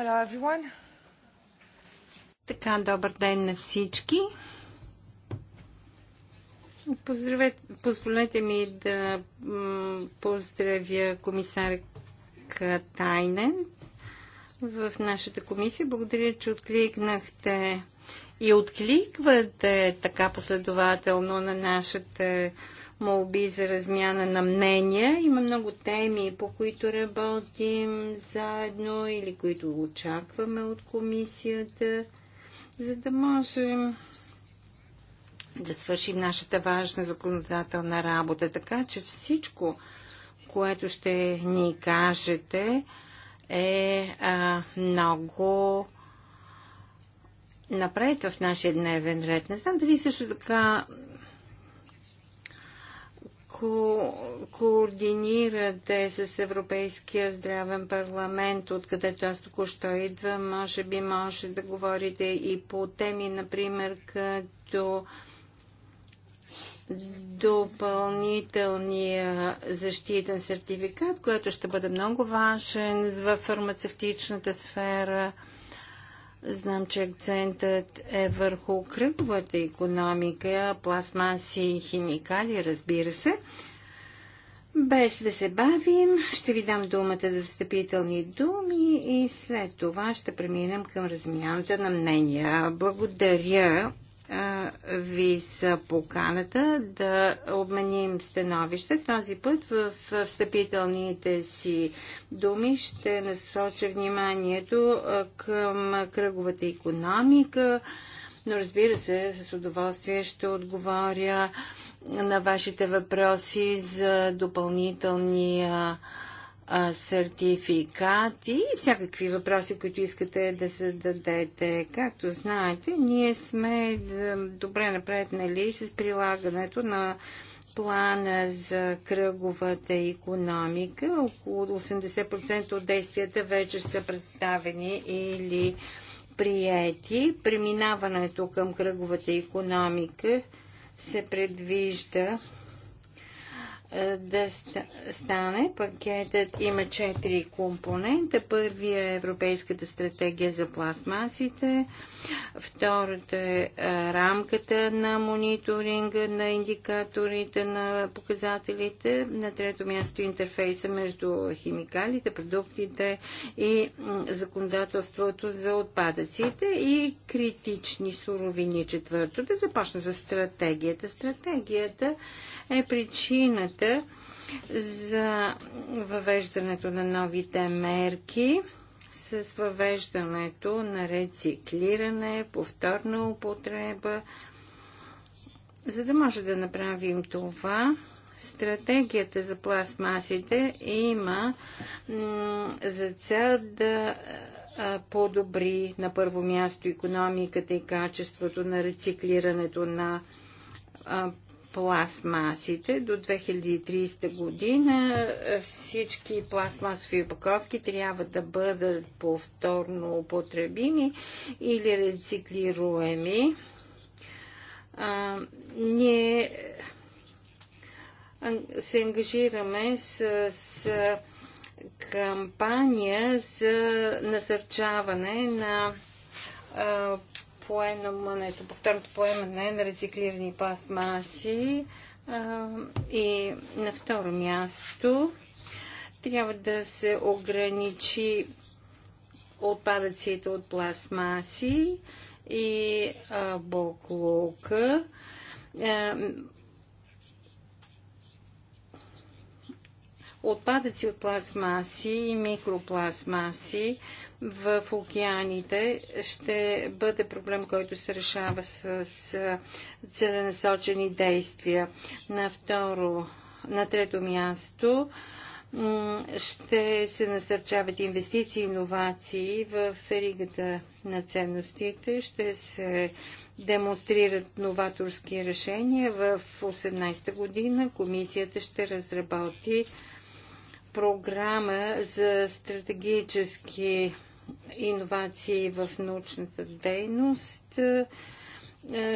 Hello everyone. Така, добър ден на всички. Поздравете, позволете ми да поздравя комисар Катайнен в нашата комисия. Благодаря, че откликнахте и откликвате така последователно на нашата молби за размяна на мнения. Има много теми, по които работим заедно или които очакваме от комисията, за да можем да свършим нашата важна законодателна работа. Така че всичко, което ще ни кажете, е а, много напред в нашия дневен ред. Не знам дали също така ко- координирате с Европейския здравен парламент, откъдето аз току-що идвам, може би може да говорите и по теми, например, като допълнителния защитен сертификат, който ще бъде много важен в фармацевтичната сфера – Знам, че акцентът е върху кръговата економика, пластмаси и химикали, разбира се. Без да се бавим, ще ви дам думата за встъпителни думи и след това ще преминем към размяната на мнения. Благодаря ви са поканата да обменим становище. Този път в встъпителните си думи ще насоча вниманието към кръговата економика, но разбира се, с удоволствие ще отговоря на вашите въпроси за допълнителния а, сертификати и всякакви въпроси, които искате да дадете. Както знаете, ние сме добре напреднали с прилагането на плана за кръговата економика. Около 80% от действията вече са представени или приети. Преминаването към кръговата економика се предвижда е, да стане. Пакетът има четири компонента. Първия е Европейската стратегия за пластмасите. Втората е, е рамката на мониторинга на индикаторите, на показателите. На трето място интерфейса между химикалите, продуктите и законодателството за отпадъците и критични суровини. Четвърто да започна за стратегията. Стратегията е причината парламента за въвеждането на новите мерки с въвеждането на рециклиране, повторна употреба. За да може да направим това, стратегията за пластмасите има за цел да подобри на първо място економиката и качеството на рециклирането на пластмасите до 2030 година е, всички пластмасови упаковки трябва да бъдат повторно употребими или рециклируеми. А, ние е, се ангажираме с, с кампания за насърчаване на а, поемането, повторното поемане на рециклирани пластмаси и на второ място трябва да се ограничи отпадъците от пластмаси и а, А, отпадъци от пластмаси и микропластмаси в океаните ще бъде проблем, който се решава с, целенасочени действия. На второ, на трето място ще се насърчават инвестиции и иновации в ригата на ценностите, ще се демонстрират новаторски решения. В 18-та година комисията ще разработи програма за стратегически иновации в научната дейност е,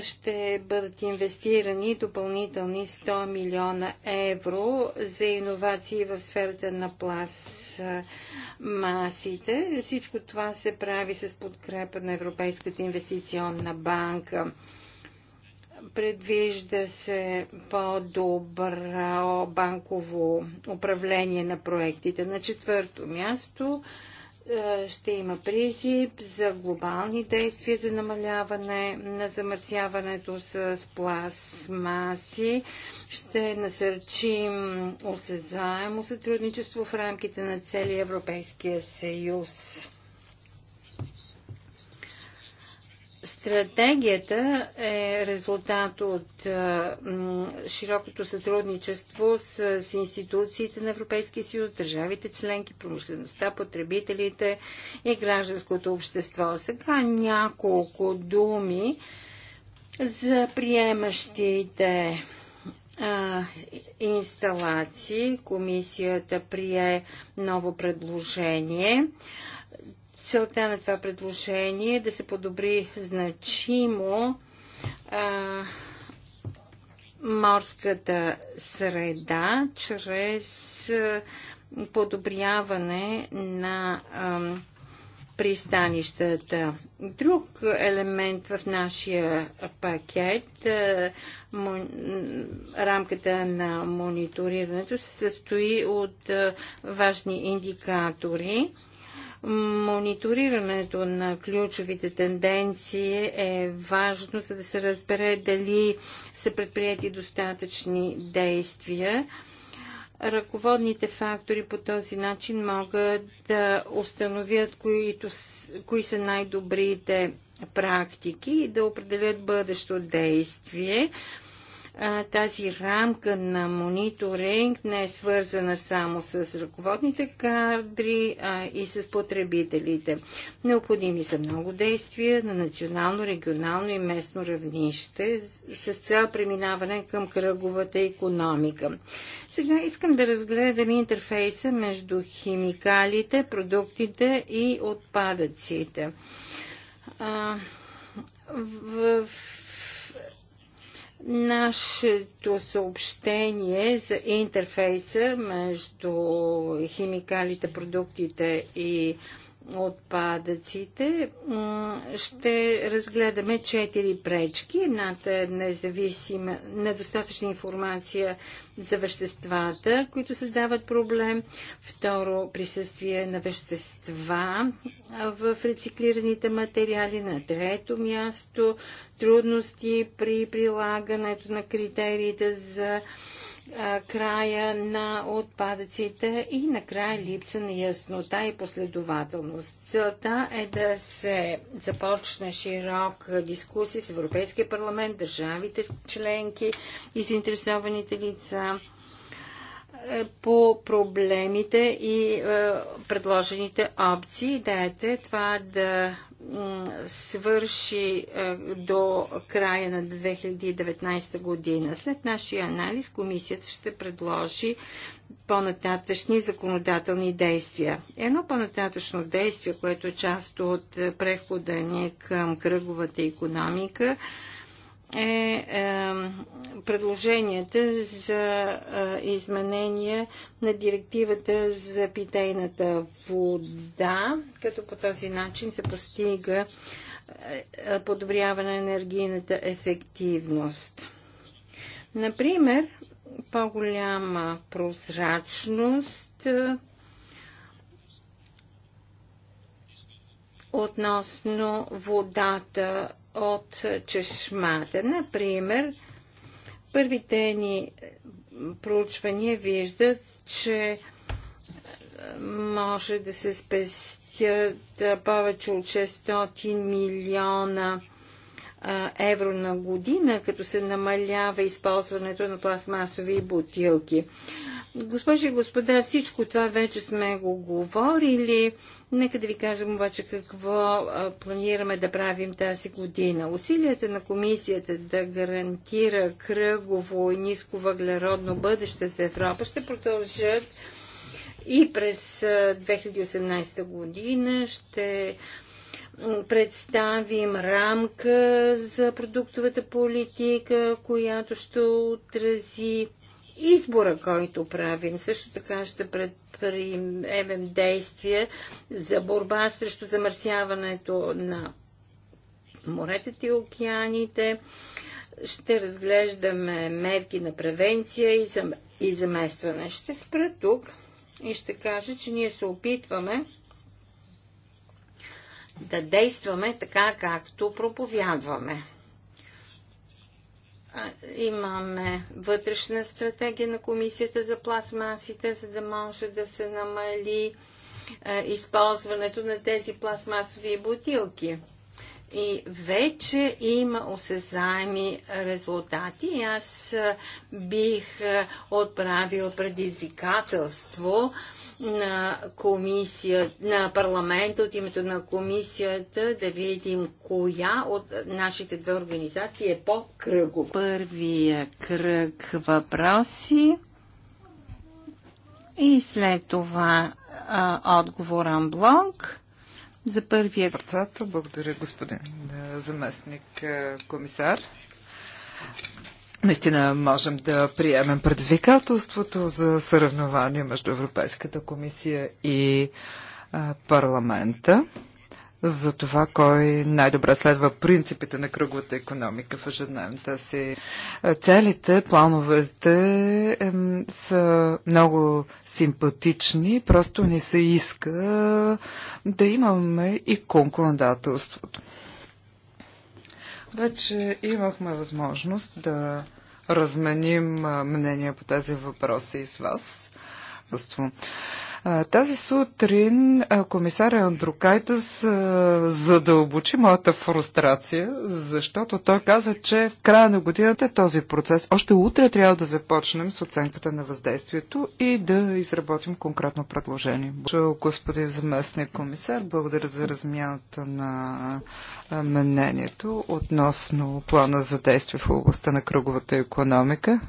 ще бъдат инвестирани допълнителни 100 милиона евро за иновации в сферата на пластмасите. Всичко това се прави с подкрепа на Европейската инвестиционна банка. Предвижда се по-добро банково управление на проектите. На четвърто място е, ще има призип за глобални действия за намаляване на замърсяването с пластмаси. Ще насърчим осезаемо сътрудничество в рамките на целия Европейския съюз. Стратегията е резултат от широкото сътрудничество с, институциите на Европейския съюз, държавите членки, промишлеността, потребителите и гражданското общество. Сега няколко думи за приемащите инсталации. Комисията прие ново предложение. Целта на това предложение е да се подобри значимо а, морската среда чрез а, подобряване на а, пристанищата. Друг елемент в нашия пакет, а, мон, рамката на мониторирането, се състои от а, важни индикатори. Мониторирането на ключовите тенденции е важно, за да се разбере дали са предприяти достатъчни действия ръководните фактори по този начин могат да установят които, кои са най-добрите практики и да определят бъдещо действие тази рамка на мониторинг не е свързана само с ръководните кадри, а и с потребителите. Необходими са много действия на национално, регионално и местно равнище с цел преминаване към кръговата економика. Сега искам да разгледам интерфейса между химикалите, продуктите и отпадъците. А, в, в Нашето съобщение за интерфейса между химикалите, продуктите и отпадъците, ще разгледаме четири пречки. Едната е независима, недостатъчна информация за веществата, които създават проблем. Второ, присъствие на вещества в рециклираните материали. На трето място, трудности при прилагането на критериите за края на отпадъците и накрая липса на яснота и последователност. Целта е да се започне широка дискусия с Европейския парламент, държавите членки и заинтересованите лица е, по проблемите и е, предложените опции. Идеята е това да свърши е, до края на 2019 година. След нашия анализ комисията ще предложи по-нататъчни законодателни действия. Едно по-нататъчно действие, което е част от е, прехода ни е към кръговата економика, е, е, предложенията за е, изменения на директивата за питейната вода, като по този начин се постига е, подобряване на енергийната ефективност. Например, по-голяма прозрачност относно водата от чешмата. Например, първите ни проучвания виждат, че е, може да се спестят е, повече от 600 милиона е, евро на година, като се намалява използването на пластмасови бутилки. Госпожи и господа, всичко това вече сме го говорили. Нека да ви кажем обаче какво планираме да правим тази година. Усилията на комисията да гарантира кръгово и ниско въглеродно бъдеще за Европа ще продължат и през 2018 година ще представим рамка за продуктовата политика, която ще отрази избора, който правим. Също така ще предприемем действия за борба срещу замърсяването на моретата и океаните. Ще разглеждаме мерки на превенция и, зам... и заместване. Ще спра тук и ще кажа, че ние се опитваме да действаме така, както проповядваме. Имаме вътрешна стратегия на комисията за пластмасите, за да може да се намали използването на тези пластмасови бутилки. И вече има осезаеми резултати. И аз бих отправил предизвикателство на, комисия, на парламента, от името на комисията, да видим коя от нашите две организации е по-кръгова. Първия кръг въпроси и след това а, отговор блок за първия. Председател, благодаря господин заместник комисар. Наистина можем да приемем предизвикателството за съревнование между Европейската комисия и парламента за това кой най-добре следва принципите на кръговата економика в ежедневната си. Целите, плановете са много симпатични, просто не се иска да имаме и конкурентателството. Вече имахме възможност да разменим мнения по тези въпроси с вас. Тази сутрин комисаря Андрукайтас задълбочи моята фрустрация, защото той каза, че в края на годината този процес. Още утре трябва да започнем с оценката на въздействието и да изработим конкретно предложение. Господин заместник комисар, благодаря за размяната на мнението относно плана за действие в областта на кръговата економика.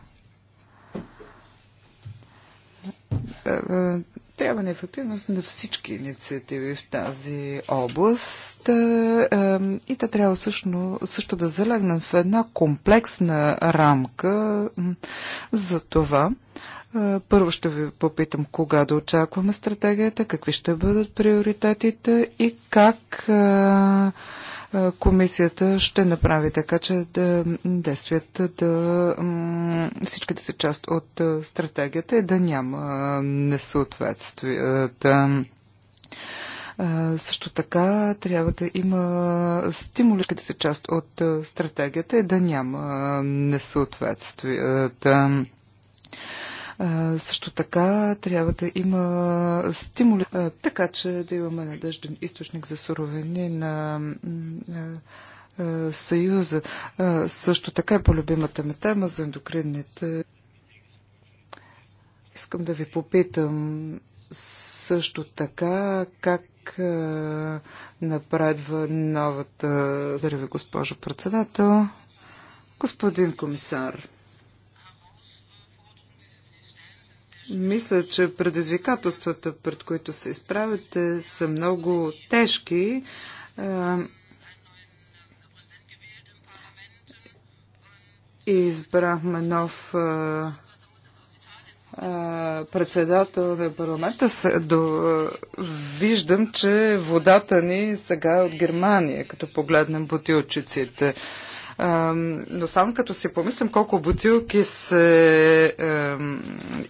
Е, е, трябва на ефективност на всички инициативи в тази област е, е, и те трябва също, също да залегнат в една комплексна рамка за това. Е, първо ще ви попитам кога да очакваме стратегията, какви ще бъдат приоритетите и как е, комисията ще направи така, че да действията да всички да са част от е, стратегията и да няма несъответствията. Е, също така трябва да има стимули, да са част от стратегията и да няма несъответствията. Също така трябва да има стимули, така че да имаме надежден източник за суровини на Съюза. Също така е по-любимата ми тема за ендокринните. Искам да ви попитам също така как напредва новата... Здравей, госпожо председател. Господин комисар. Мисля, че предизвикателствата, пред които се изправяте, са много тежки. И избрахме нов председател на парламента. Виждам, че водата ни сега е от Германия, като погледнем бутилчиците но само като си помислям колко бутилки се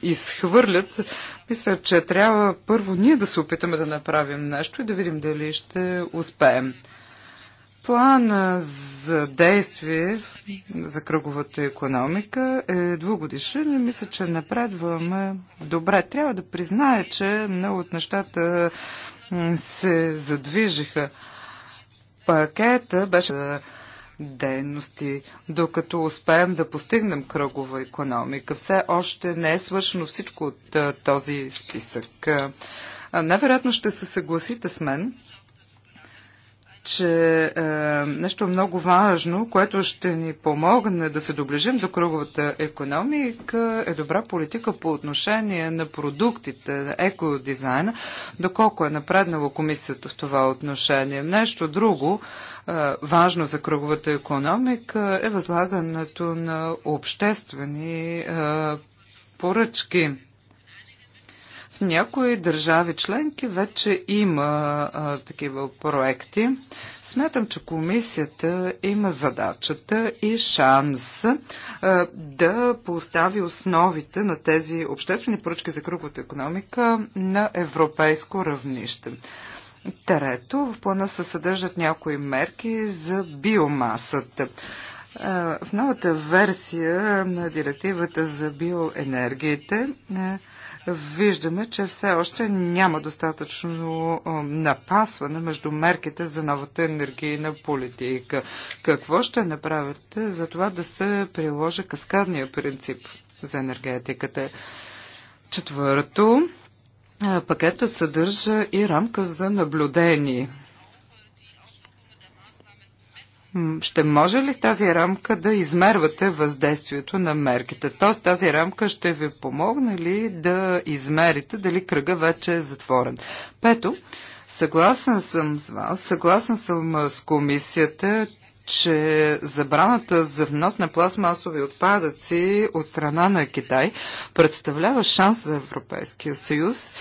изхвърлят, мисля, че трябва първо ние да се опитаме да направим нещо и да видим дали ще успеем. Плана за действие за кръговата економика е двугодишен и мисля, че напредваме добре. Трябва да призная, че много от нещата се задвижиха. Пакета беше дейности, докато успеем да постигнем кръгова економика. Все още не е свършено всичко от този списък. Най-вероятно ще се съгласите с мен, че е, нещо много важно, което ще ни помогне да се доближим до круговата економика, е добра политика по отношение на продуктите, на екодизайна, доколко е напреднала комисията в това отношение. Нещо друго, е, важно за круговата економика, е възлагането на обществени е, поръчки. В някои държави членки вече има а, такива проекти. Смятам, че комисията има задачата и шанс а, да постави основите на тези обществени поръчки за кръговата економика на европейско равнище. Трето, в плана се съдържат някои мерки за биомасата. В новата версия на директивата за биоенергиите виждаме, че все още няма достатъчно напасване между мерките за новата енергийна политика. Какво ще направите за това да се приложи каскадния принцип за енергетиката? Четвърто, пакета съдържа и рамка за наблюдение ще може ли с тази рамка да измервате въздействието на мерките? Тоест тази рамка ще ви помогне ли да измерите дали кръга вече е затворен? Пето, съгласен съм с вас, съгласен съм с комисията, че забраната за внос на пластмасови отпадъци от страна на Китай представлява шанс за Европейския съюз,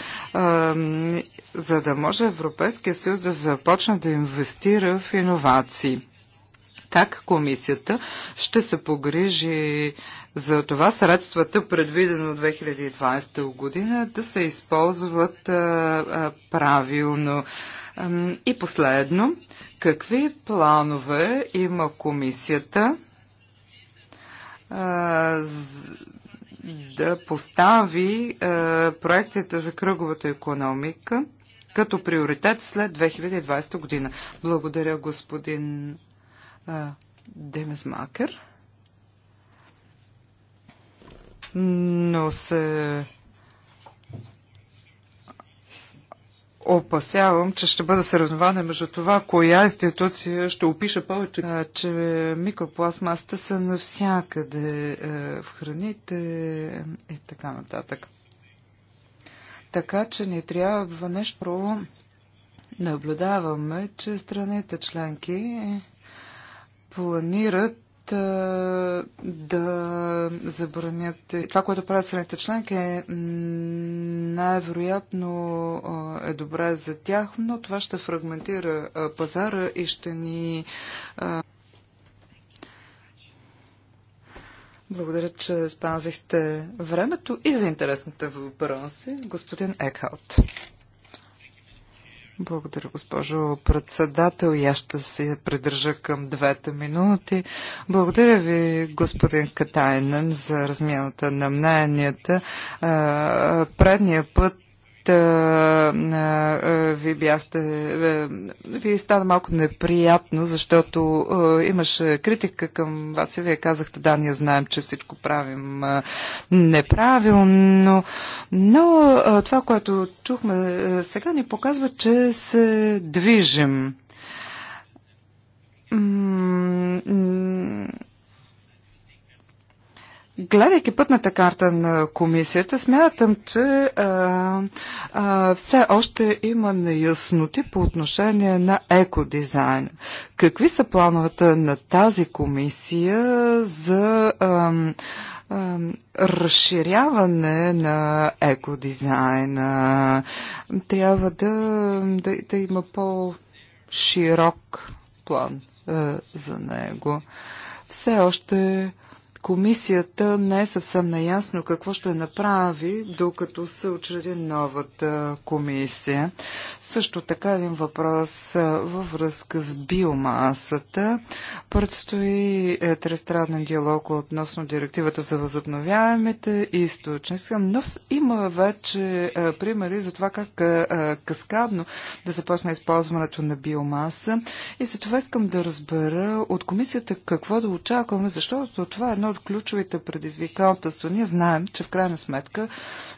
за да може Европейския съюз да започне да инвестира в иновации как комисията ще се погрижи за това средствата, предвидено от 2020 година, да се използват а, а, правилно. И последно, какви планове има комисията да постави проектите за кръговата економика като приоритет след 2020 година? Благодаря, господин Демезмакер. Но се опасявам, че ще бъде съревнование между това, коя институция ще опише повече. А, че микропластмасите са навсякъде в храните и така нататък. Така че ни трябва нещо. Наблюдаваме, че страните членки планират да забранят. Това, което правят страните членки, е най-вероятно е добре за тях, но това ще фрагментира пазара и ще ни. Благодаря, че спазихте времето и за интересните въпроси, господин Екхаут. Благодаря, госпожо председател. И аз ще се придържа към двете минути. Благодаря ви, господин Катайнен, за размяната на мненията. Е, предния път Та, а, а, ви бяхте. А, е, ви стана малко неприятно, защото а, е, имаше критика към вас и вие казахте, да, ние знаем, че всичко правим а, е, неправилно, но а, това, което чухме а, сега, ни показва, че се движим. М- Гледайки пътната карта на комисията, смятам, че а, е, а, е, все още има неясноти по отношение на екодизайн. Какви са плановете на тази комисия за а, е, а, разширяване на екодизайна? Трябва да, да, да има по-широк план а, за него. Все още Комисията не е съвсем наясно какво ще направи, докато се очреди новата комисия. Също така един въпрос във връзка с биомасата. Предстои е, тристранен диалог относно директивата за възобновяемите и източници, но има вече е, примери за това как е, е, каскадно да започне използването на биомаса. И за това искам да разбера от комисията какво да очакваме, защото това е едно от ключовите предизвикателства. Ние знаем, че в крайна сметка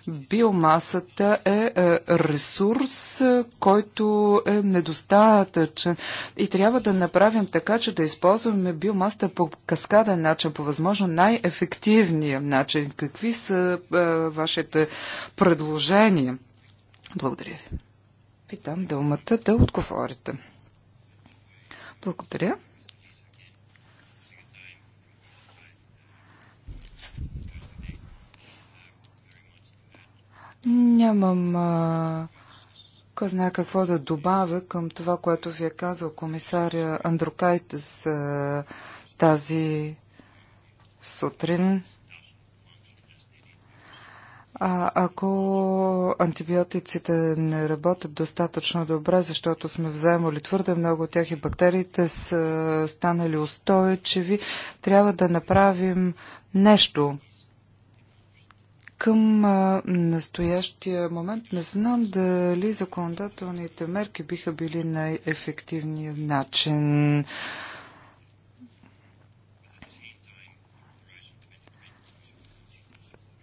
биомасата е, е ресурс, който е недостатъчен и трябва да направим така, че да използваме биомасата по каскаден начин, по възможно най-ефективния начин. Какви са е, вашите предложения? Благодаря ви. Питам думата да отговорите. Благодаря. Нямам а, кой знае какво да добавя към това, което ви е казал комисаря Андрукайтес а, тази сутрин. А ако антибиотиците не работят достатъчно добре, защото сме вземали твърде много от тях и бактериите са станали устойчиви, трябва да направим нещо. Към а, настоящия момент не знам дали законодателните мерки биха били най-ефективният начин.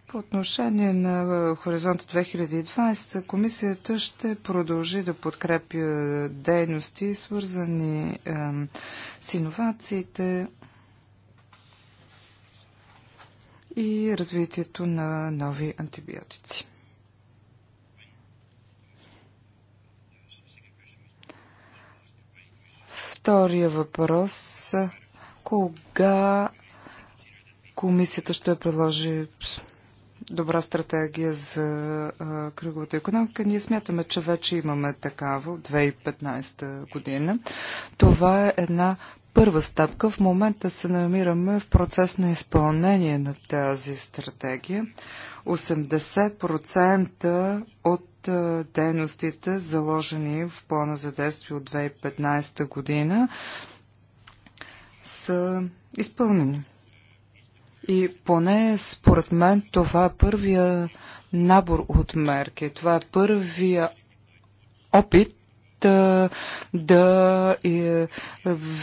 По отношение на Хоризонт 2020, комисията ще продължи да подкрепя дейности, свързани а, с иновациите, и развитието на нови антибиотици. Втория въпрос кога комисията ще предложи добра стратегия за кръговата економика. Ние смятаме, че вече имаме такава от 2015 година. Това е една първа стъпка. В момента се намираме в процес на изпълнение на тази стратегия. 80% от дейностите, заложени в плана за действие от 2015 година, са изпълнени. И поне според мен това е първия набор от мерки. Това е първия опит да е,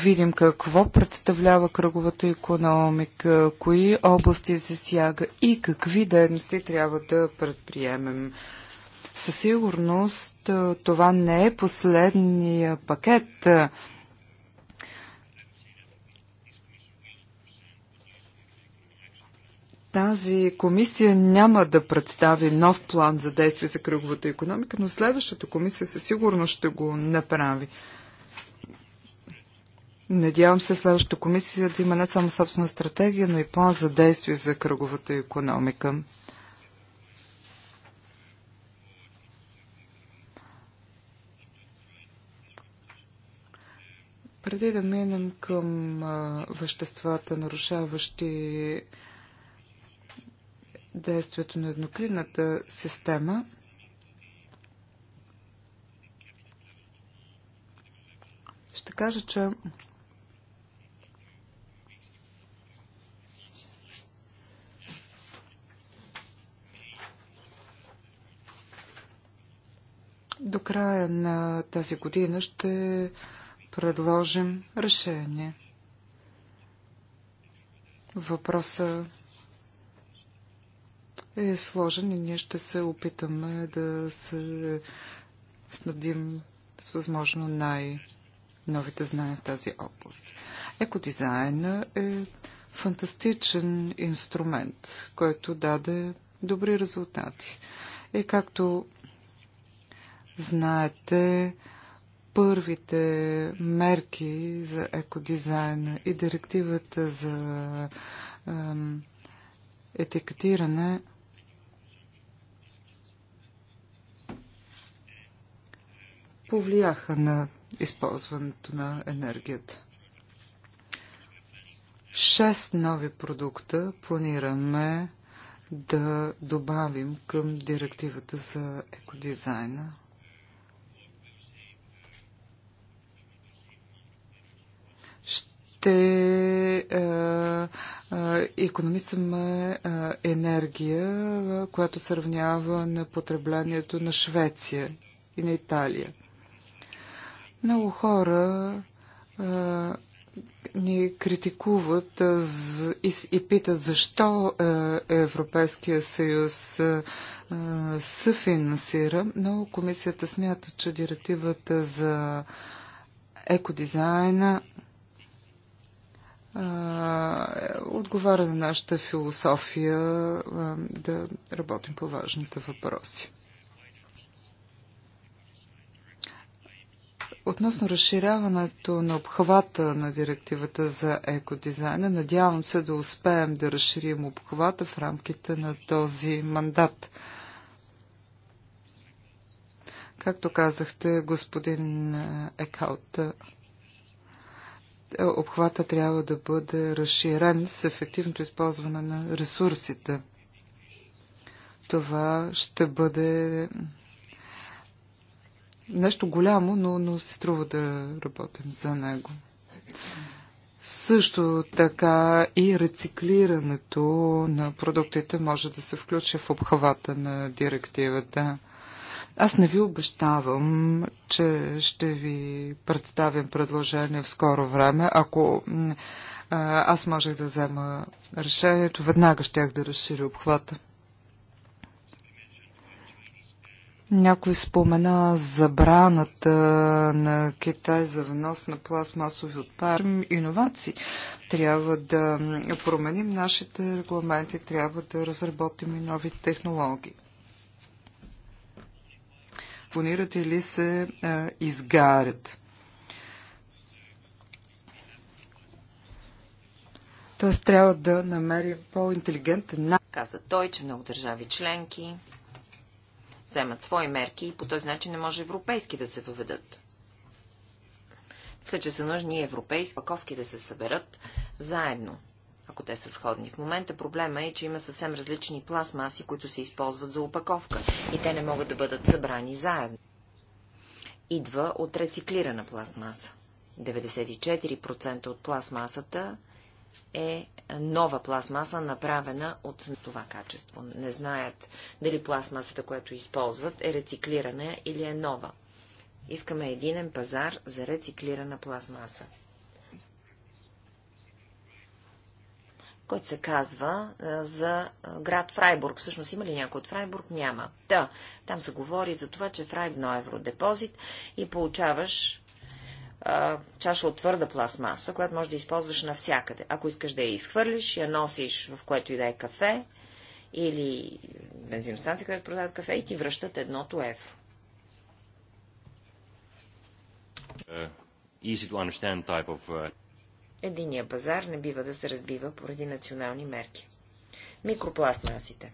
видим какво представлява кръговата економика, кои области засяга и какви дейности трябва да предприемем. Със сигурност е, това не е последния пакет. Тази комисия няма да представи нов план за действие за кръговата економика, но следващата комисия със сигурност ще го направи. Надявам се следващата комисия да има не само собствена стратегия, но и план за действие за кръговата економика. Преди да минем към а, веществата, нарушаващи действието на еднокринната система ще кажа, че до края на тази година ще предложим решение. Въпроса е сложен и ние ще се опитаме да се снабдим с възможно най-новите знания в тази област. Екодизайна е фантастичен инструмент, който даде добри резултати. И както знаете, първите мерки за екодизайна и директивата за ем, етикетиране – повлияха на използването на енергията. Шест нови продукта планираме да добавим към директивата за екодизайна. ще е, е, економисаме е, енергия, която сравнява на потреблението на Швеция и на Италия. Много хора а, ни критикуват а, з, и, и питат защо а, Европейския съюз а, съфинансира, но комисията смята, че директивата за екодизайна отговаря на нашата философия да работим по важните въпроси. Относно разширяването на обхвата на директивата за екодизайна, надявам се да успеем да разширим обхвата в рамките на този мандат. Както казахте, господин е, Екаут, е, обхвата трябва да бъде разширен с ефективното използване на ресурсите. Това ще бъде нещо голямо, но, но се струва да работим за него. Също така и рециклирането на продуктите може да се включи в обхвата на директивата. Аз не ви обещавам, че ще ви представим предложение в скоро време. Ако аз можех да взема решението, веднага щях да разширя обхвата. Някой спомена забраната на Китай за внос на пластмасови отпадъци. Иновации. Трябва да променим нашите регламенти, трябва да разработим и нови технологии. Планират или се а, е, изгарят. Тоест трябва да намерим по-интелигентен начин. Каза той, че много държави членки вземат свои мерки и по този начин не може европейски да се въведат. Мисля, че са нужни европейски паковки да се съберат заедно, ако те са сходни. В момента проблема е, че има съвсем различни пластмаси, които се използват за опаковка и те не могат да бъдат събрани заедно. Идва от рециклирана пластмаса. 94% от пластмасата е нова пластмаса, направена от това качество. Не знаят дали пластмасата, която използват, е рециклирана или е нова. Искаме единен пазар за рециклирана пластмаса. който се казва за град Фрайбург. Всъщност има ли някой от Фрайбург? Няма. Та, да, там се говори за това, че Фрайбно евродепозит и получаваш а, чаша от твърда пластмаса, която може да използваш навсякъде. Ако искаш да я изхвърлиш, я носиш в което и да е кафе или бензиностанция, където продават кафе и ти връщат едното евро. Uh, easy to understand type of, uh... Единия пазар не бива да се разбива поради национални мерки. Микропластмасите.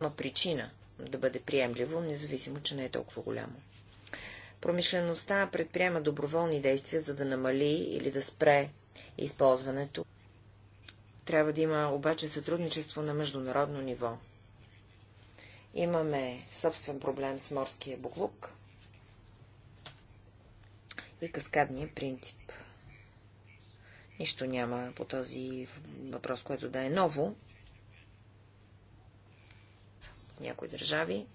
Ма причина да бъде приемливо, независимо, че не е толкова голямо. Промишлеността предприема доброволни действия, за да намали или да спре използването. Трябва да има обаче сътрудничество на международно ниво. Имаме собствен проблем с морския буклук и каскадния принцип. Нищо няма по този въпрос, което да е ново, в някои държави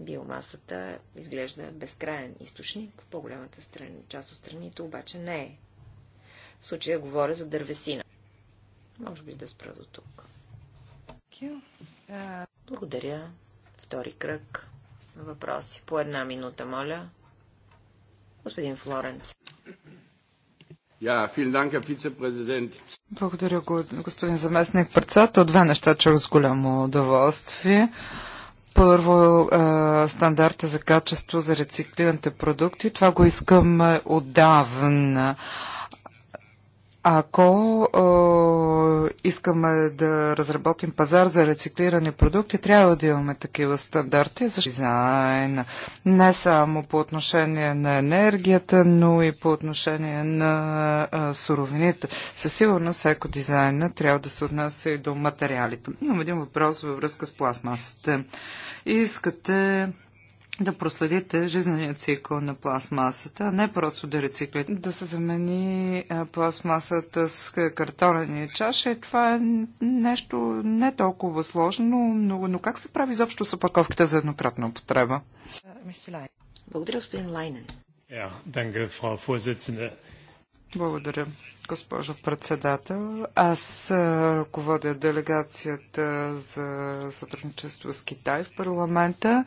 биомасата изглежда безкраен източник, в по-голямата част от страните обаче не е. В случая говоря за дървесина. Може би да спра до тук. Благодаря. Втори кръг. Въпроси. По една минута, моля. Господин Флоренц. Yeah, Благодаря, господин заместник председател. Две неща чух с голямо удоволствие. Първо, стандарта за качество за рециклираните продукти. Това го искам отдавна. Ако о, искаме да разработим пазар за рециклирани продукти, трябва да имаме такива стандарти, за дизайн не само по отношение на енергията, но и по отношение на а, суровините. Със сигурност еко дизайна трябва да се отнася и до материалите. Имам един въпрос във връзка с пластмасите. Искате да проследите жизнения цикъл на пластмасата, а не просто да рециклирате. Да се замени пластмасата с картонени чаши, това е нещо не толкова сложно, но, но как се прави изобщо с опаковките за еднократна употреба? Благодаря, господин Лайнен. Благодаря, госпожо председател. Аз ръководя делегацията за сътрудничество с Китай в парламента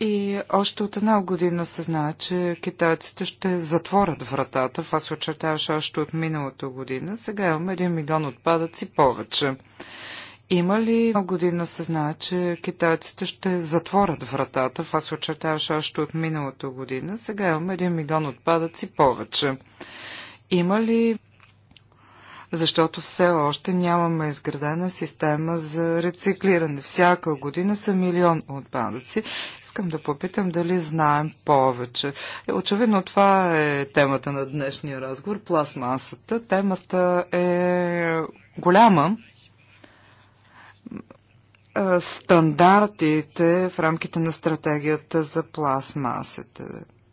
и още от една година се знае, че китайците ще затворят вратата. Това се очертаваше още от миналата година. Сега имаме един милион отпадъци повече. Има ли година се знае, че китайците ще затворят вратата? Това се очертаваше още от миналата година. Сега имаме един милион отпадъци повече. Има ли защото все още нямаме изградена система за рециклиране. Всяка година са милион отпадъци. Искам да попитам дали знаем повече. Е, очевидно това е темата на днешния разговор, пластмасата. Темата е голяма, е, стандартите в рамките на стратегията за пластмасата.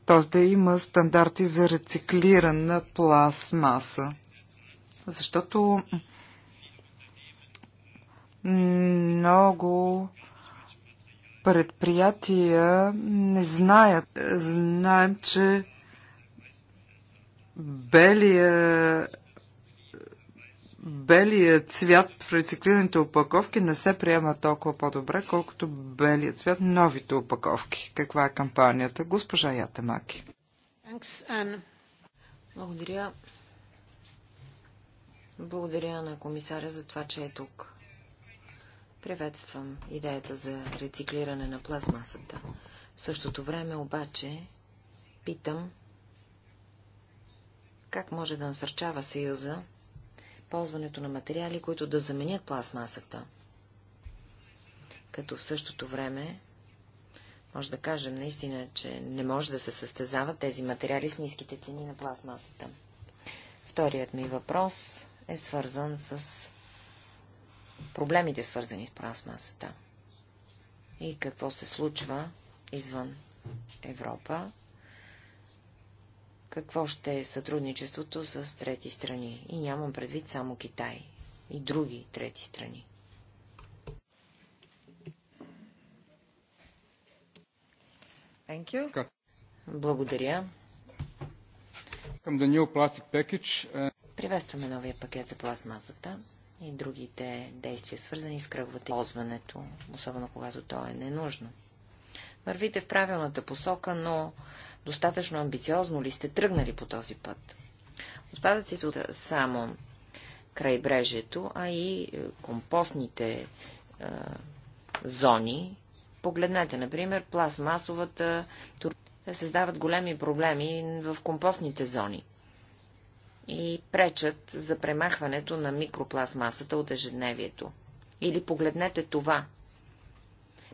Т.е. да има стандарти за рециклирана пластмаса защото много предприятия не знаят. Знаем, че белия белият цвят в рециклираните опаковки не се приема толкова по-добре, колкото белият цвят новите опаковки. Каква е кампанията? Госпожа Ятемаки. Благодаря. Благодаря на комисаря за това, че е тук. Приветствам идеята за рециклиране на пластмасата. В същото време обаче питам как може да насърчава Съюза ползването на материали, които да заменят пластмасата. Като в същото време може да кажем наистина, че не може да се състезават тези материали с ниските цени на пластмасата. Вторият ми въпрос е свързан с проблемите, свързани с пластмасата. И какво се случва извън Европа, какво ще е сътрудничеството с трети страни. И нямам предвид само Китай и други трети страни. Thank you. Благодаря. Към Приветстваме новия пакет за пластмасата и другите действия, свързани с кръговото ползването, особено когато то е ненужно. Вървите в правилната посока, но достатъчно амбициозно ли сте тръгнали по този път? Отпадъците от само крайбрежието, а и е, компостните е, зони. Погледнете, например, пластмасовата. Те създават големи проблеми в компостните зони и пречат за премахването на микропластмасата от ежедневието. Или погледнете това.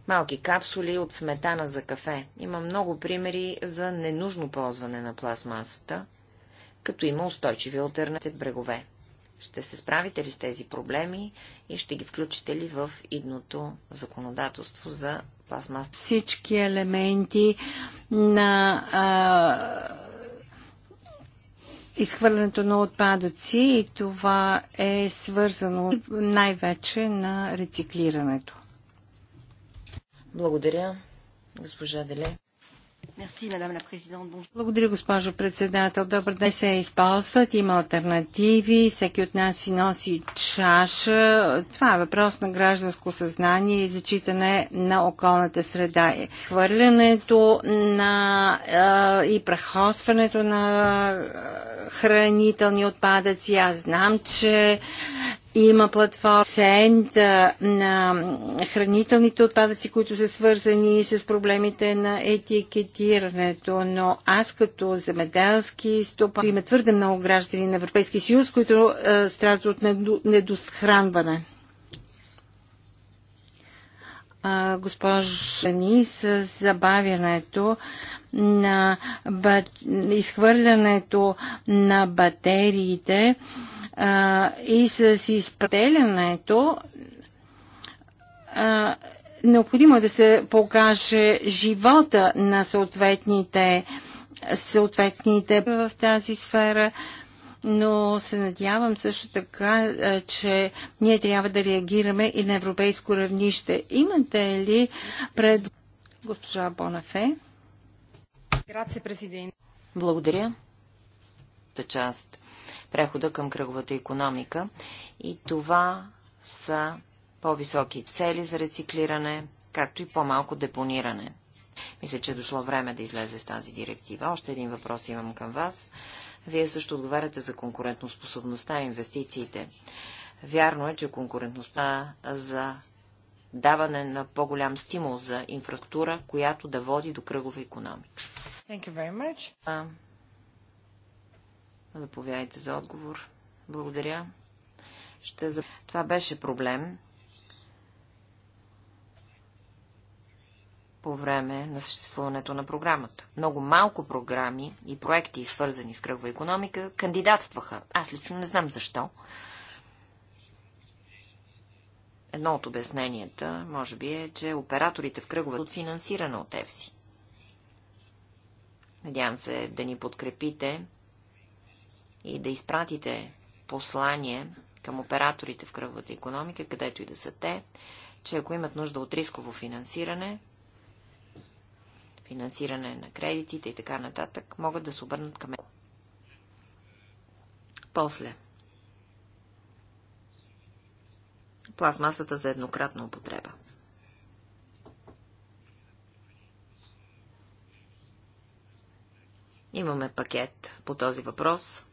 Малки капсули от сметана за кафе. Има много примери за ненужно ползване на пластмасата, като има устойчиви альтернативни брегове. Ще се справите ли с тези проблеми и ще ги включите ли в идното законодателство за пластмасата? Всички елементи на а изхвърлянето на отпадъци и това е свързано най-вече на рециклирането. Благодаря, госпожа Деле. Благодаря, госпожо председател. Добър ден. Се използват, има альтернативи, всеки от нас си носи чаша. Това е въпрос на гражданско съзнание и зачитане на околната среда. Хвърлянето на е, и прахосването на хранителни отпадъци. Аз знам, че има платформа на хранителните отпадъци, които са свързани с проблемите на етикетирането, но аз като земеделски стопан има твърде много граждани на Европейския съюз, които страдат от недосхранване. госпожа ни с забавянето на изхвърлянето на батериите и с изпределянето а, необходимо е да се покаже живота на съответните, съответните в тази сфера но се надявам също така, че ние трябва да реагираме и на европейско равнище. Имате ли пред госпожа Бонафе? Благодаря. Та част прехода към кръговата економика. И това са по-високи цели за рециклиране, както и по-малко депониране. Мисля, че е дошло време да излезе с тази директива. Още един въпрос имам към вас. Вие също отговаряте за конкурентоспособността и инвестициите. Вярно е, че конкурентността за даване на по-голям стимул за инфраструктура, която да води до кръгова економика. Заповядайте за отговор. Благодаря. Ще... Това беше проблем по време на съществуването на програмата. Много малко програми и проекти, свързани с кръгва економика, кандидатстваха. Аз лично не знам защо. Едно от обясненията, може би, е, че операторите в кръгова от финансиране от ЕФСИ. Надявам се да ни подкрепите и да изпратите послание към операторите в кръвната економика, където и да са те, че ако имат нужда от рисково финансиране, финансиране на кредитите и така нататък, могат да се обърнат към ЕКО. После. Пластмасата за еднократна употреба. Имаме пакет по този въпрос.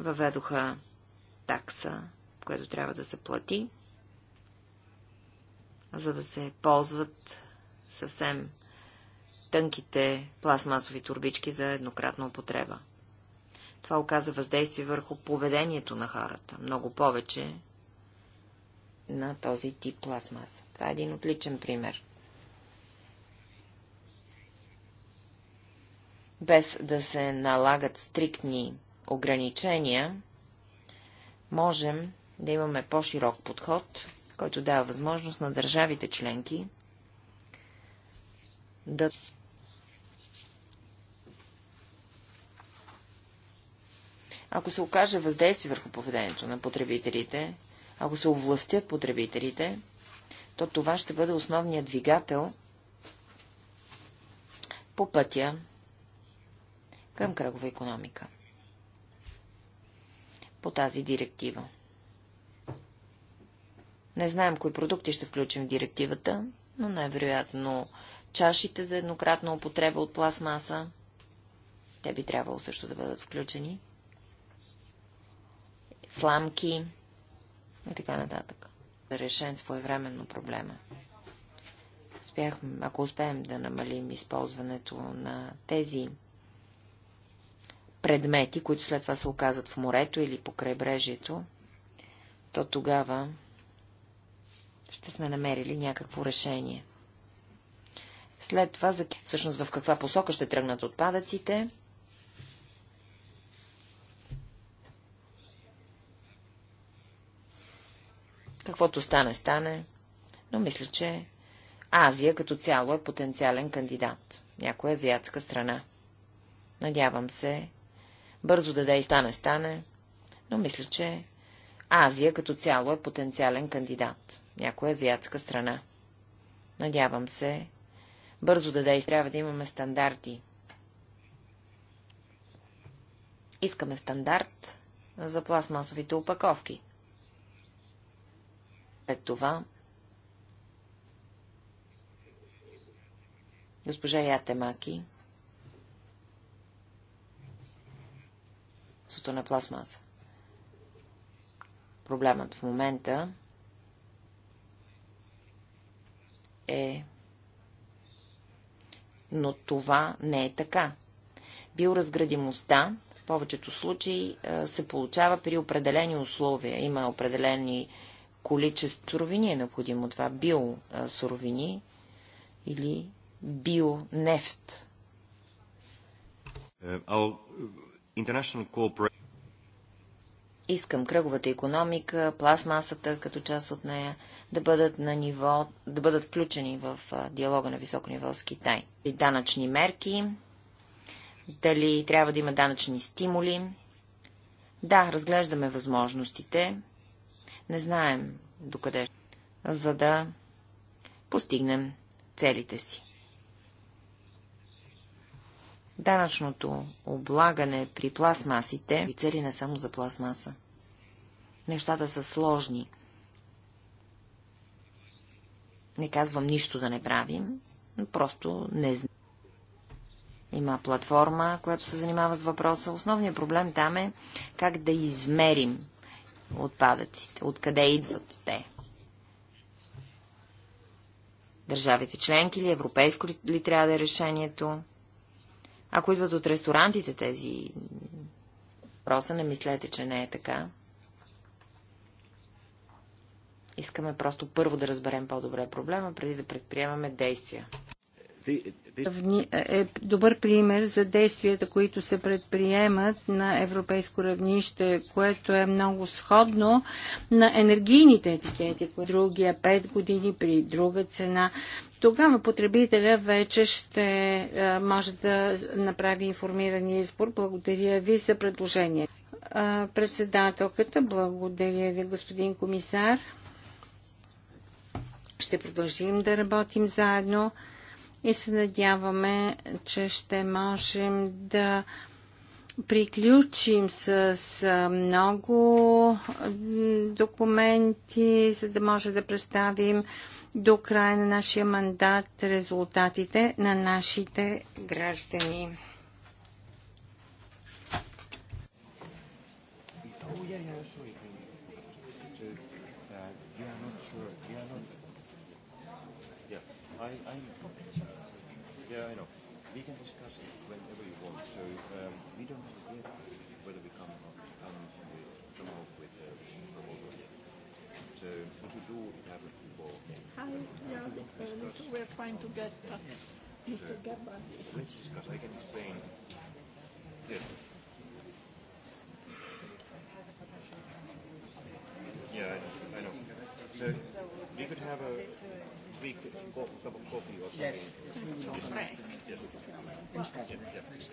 Въведоха такса, която трябва да се плати, за да се ползват съвсем тънките пластмасови турбички за еднократна употреба. Това оказа въздействие върху поведението на хората, много повече на този тип пластмаса. Това е един отличен пример. Без да се налагат стриктни ограничения, можем да имаме по-широк подход, който дава възможност на държавите членки да Ако се окаже въздействие върху поведението на потребителите, ако се овластят потребителите, то това ще бъде основният двигател по пътя към кръгова економика по тази директива. Не знаем кои продукти ще включим в директивата, но най-вероятно чашите за еднократна употреба от пластмаса. Те би трябвало също да бъдат включени. Сламки и така нататък. Решен своевременно проблема. Успяхме, ако успеем да намалим използването на тези предмети, които след това се оказат в морето или по крайбрежието, то тогава ще сме намерили някакво решение. След това, всъщност в каква посока ще тръгнат отпадъците, Каквото стане, стане, но мисля, че Азия като цяло е потенциален кандидат. Някоя азиатска страна. Надявам се, бързо да и стане, стане, но мисля, че Азия като цяло е потенциален кандидат, някоя азиатска страна. Надявам се, бързо да действа, трябва да имаме стандарти. Искаме стандарт за пластмасовите опаковки. Пред това госпожа Ятемаки На пластмаса. Проблемът в момента е... Но това не е така. Биоразградимостта в повечето случаи се получава при определени условия. Има определени количество суровини е необходимо това. Биосуровини или бионефт. Е, Искам кръговата економика, пластмасата като част от нея да бъдат на ниво, да бъдат включени в диалога на високо ниво с Китай. И данъчни мерки, дали трябва да има данъчни стимули. Да, разглеждаме възможностите. Не знаем докъде, за да постигнем целите си. Данъчното облагане при пластмасите и цели не само за пластмаса. Нещата са сложни. Не казвам нищо да не правим, но просто не знам. Има платформа, която се занимава с въпроса. Основният проблем там е как да измерим отпадъците, откъде идват те. Държавите членки ли, европейско ли, ли трябва да е решението? Ако идват от ресторантите тези въпроса, не мислете, че не е така. Искаме просто първо да разберем по-добре проблема, преди да предприемаме действия. Е добър пример за действията, които се предприемат на европейско равнище, което е много сходно на енергийните етикети. Другия 5 години при друга цена тогава потребителя вече ще може да направи информирания избор. Благодаря ви за предложение. Председателката, благодаря ви, господин комисар. Ще продължим да работим заедно и се надяваме, че ще можем да приключим с много документи, за да може да представим до края на нашия мандат резултатите на нашите граждани. Yeah, I know. We can just we're trying to get uh, Mr. Gerbrandy. Because I can explain. Yeah. Yeah, I know. So we could have a Greek cup of coffee or something. Yes, yes, yes.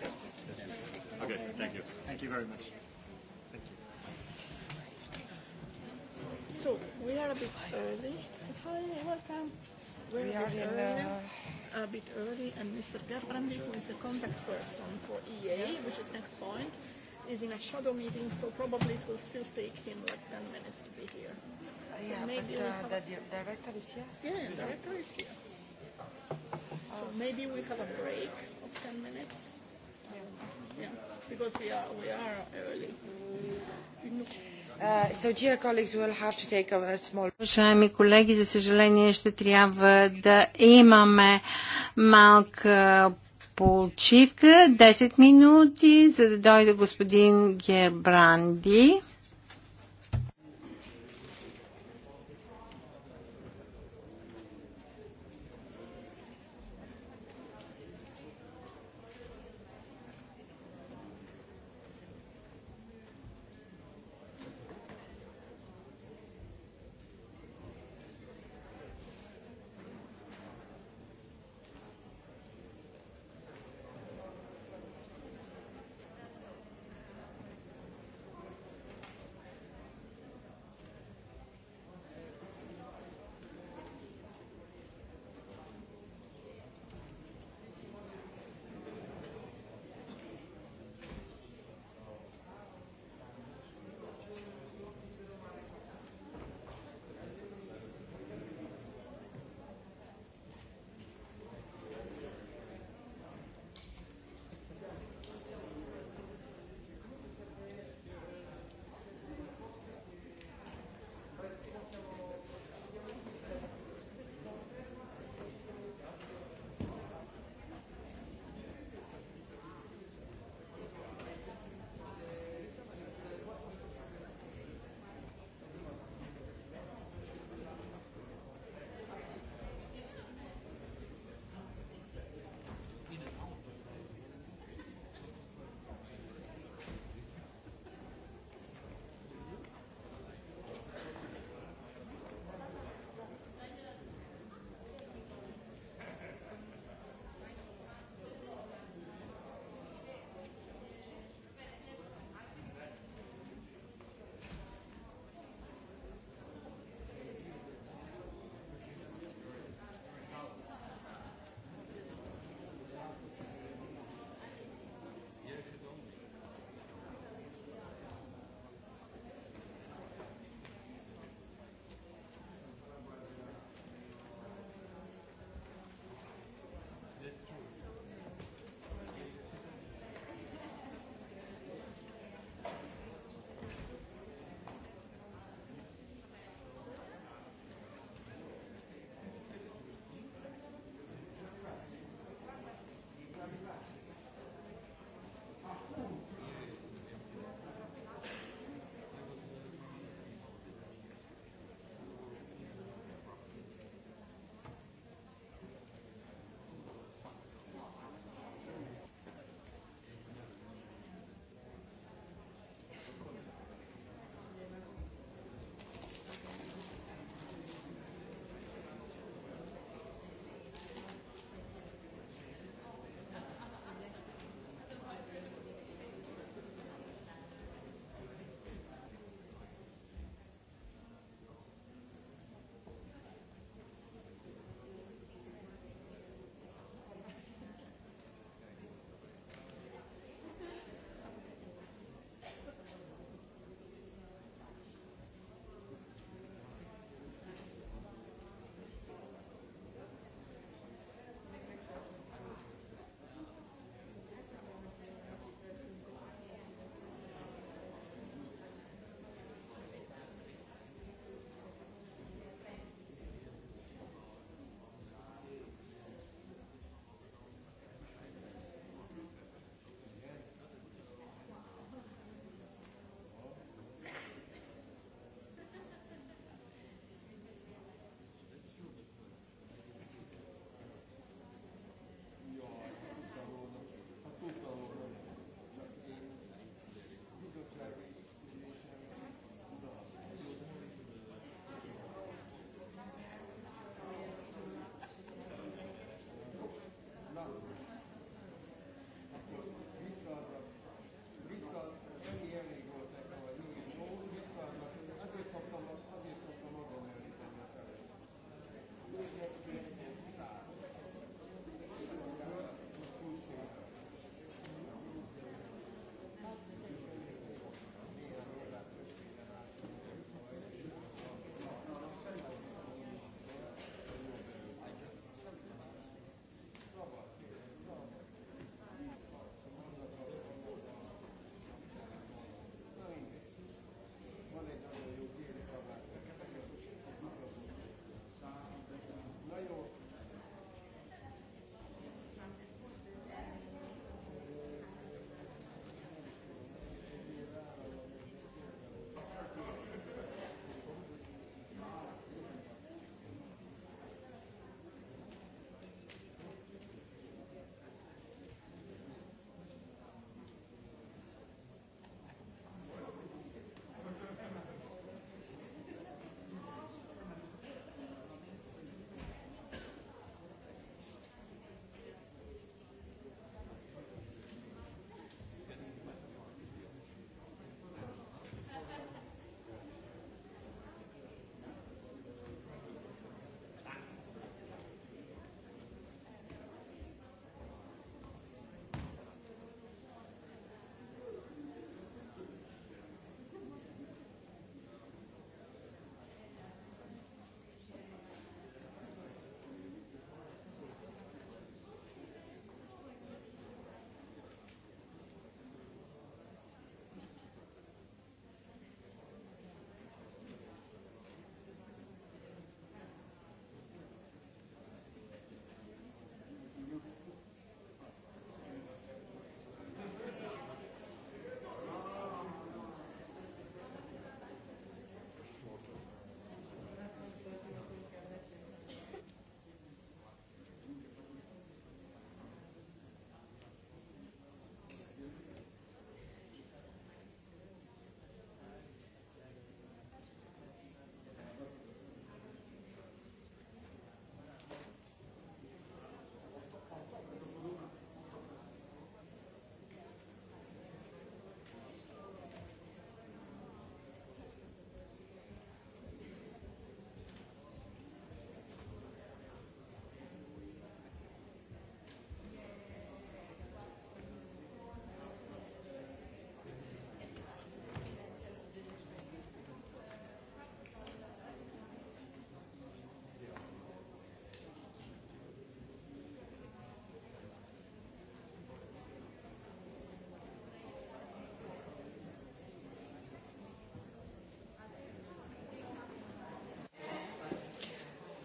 yes. Okay, thank you. Thank you very much. Thank you. So we are a bit early. Hi, welcome we are in, uh, a bit early, and Mr. Gerbrandi, who is the contact person for EA, which is next point, is in a shadow meeting, so probably it will still take him like 10 minutes to be here. So yeah, maybe but uh, the director is here? Yeah, the director is here. So maybe we have a break of 10 minutes. Yeah, because we are, we are early. Uh, Уважаеми колеги, за съжаление ще трябва да имаме малка почивка, 10 минути, за да дойде господин Гербранди.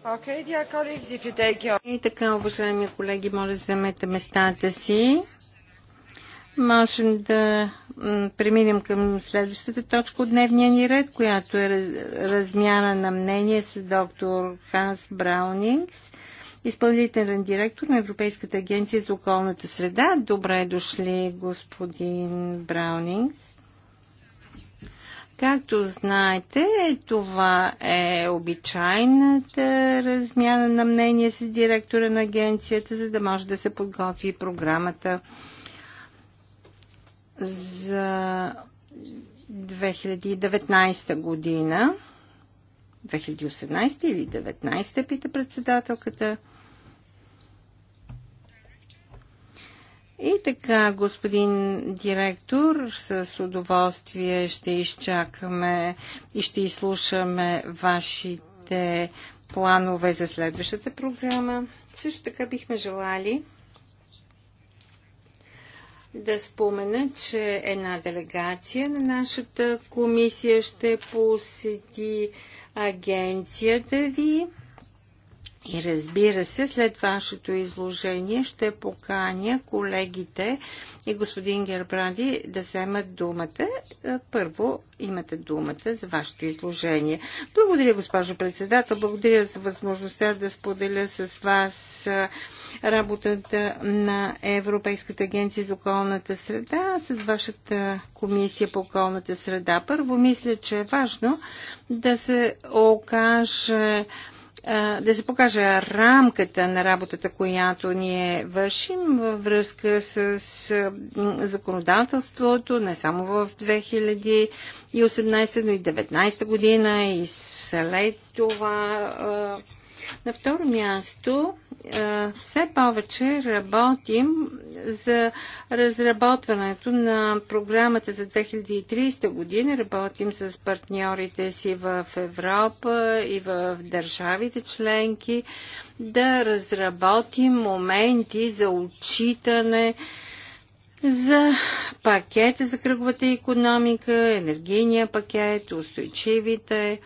Okay, your... И така, уважаеми колеги, моля вземете местата си. Можем да преминем към следващата точка от дневния ни ред, която е размяна на мнение с доктор Ханс Браунингс, изпълнителен директор на Европейската агенция за околната среда. Добре дошли, господин Браунингс. Както знаете, това е обичайната размяна на мнение с директора на агенцията, за да може да се подготви програмата за 2019 година. 2018 или 2019, пита председателката. И така, господин директор, с удоволствие ще изчакаме и ще изслушаме вашите планове за следващата програма. Също така бихме желали да спомена, че една делегация на нашата комисия ще посети агенцията ви и разбира се, след вашето изложение ще поканя колегите и господин Гербради да вземат думата. Е, първо имате думата за вашето изложение. Благодаря, госпожо председател. Благодаря за възможността да споделя с вас е, работата на Европейската агенция за околната среда с вашата комисия по околната среда. Първо мисля, че е важно да се окаже да се покажа рамката на работата, която ние вършим във връзка с законодателството, не само в 2018, но и 2019 година и след това на второ място, е, все повече работим за разработването на програмата за 2030 година. Работим с партньорите си в Европа и в държавите членки да разработим моменти за отчитане за пакета за кръговата економика, енергийния пакет, устойчивите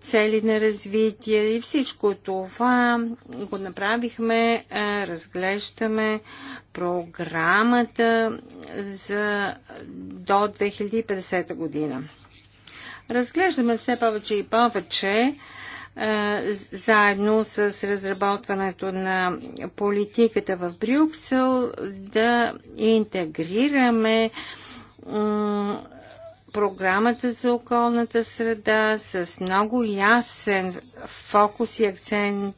цели на развитие и всичко това го направихме, разглеждаме програмата за до 2050 година. Разглеждаме все повече и повече заедно с разработването на политиката в Брюксел да интегрираме програмата за околната среда с много ясен фокус и акцент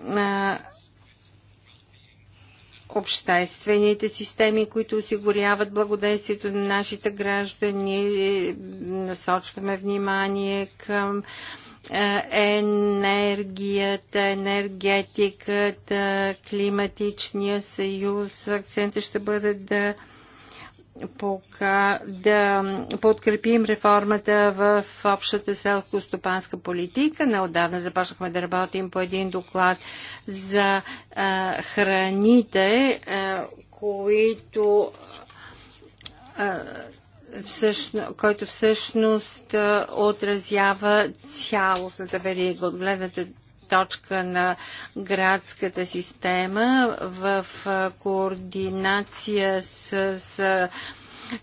на обществените системи, които осигуряват благодействието на нашите граждани. Насочваме внимание към енергията, енергетиката, климатичния съюз. Акцентът ще бъде да пока да подкрепим реформата в общата селско-стопанска политика. Неодавна започнахме да работим по един доклад за а, храните, а, които а, всъщност, който всъщност отразява цялостната верига от гледната точка на градската система в координация с, с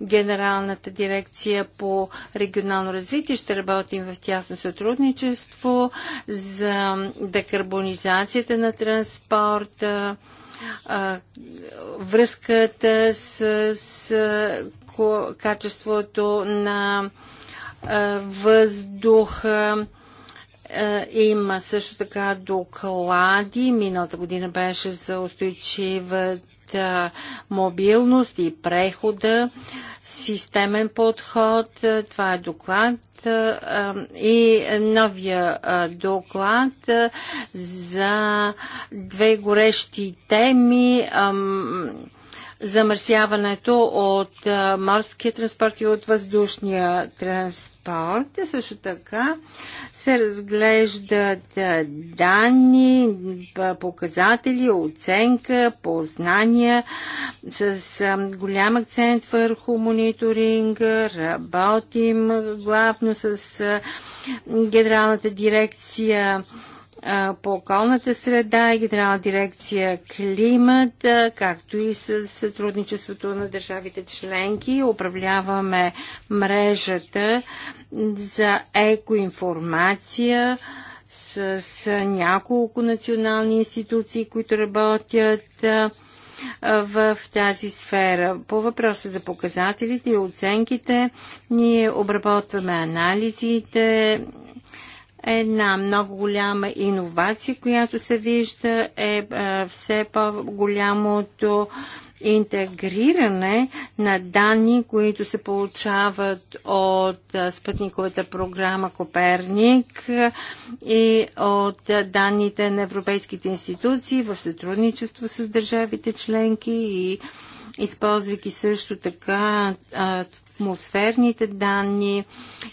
Генералната дирекция по регионално развитие. Ще работим в тясно сътрудничество за декарбонизацията на транспорта, връзката с, с качеството на въздуха, е, има също така доклади. Миналата година беше за устойчивата мобилност и прехода, системен подход. Е, това е доклад е, и новия доклад за две горещи теми замърсяването от морския транспорт и от въздушния транспорт. Също така се разглеждат данни, показатели, оценка, познания с голям акцент върху мониторинга. Работим главно с Генералната дирекция по околната среда и Генерална дирекция климат, както и с сътрудничеството на държавите членки. Управляваме мрежата за екоинформация с, с няколко национални институции, които работят в тази сфера. По въпроса за показателите и оценките, ние обработваме анализите, Една много голяма иновация, която се вижда е, е все по-голямото интегриране на данни, които се получават от е, спътниковата програма Коперник е, и от данните на европейските институции в сътрудничество с държавите членки и използвайки също така атмосферните данни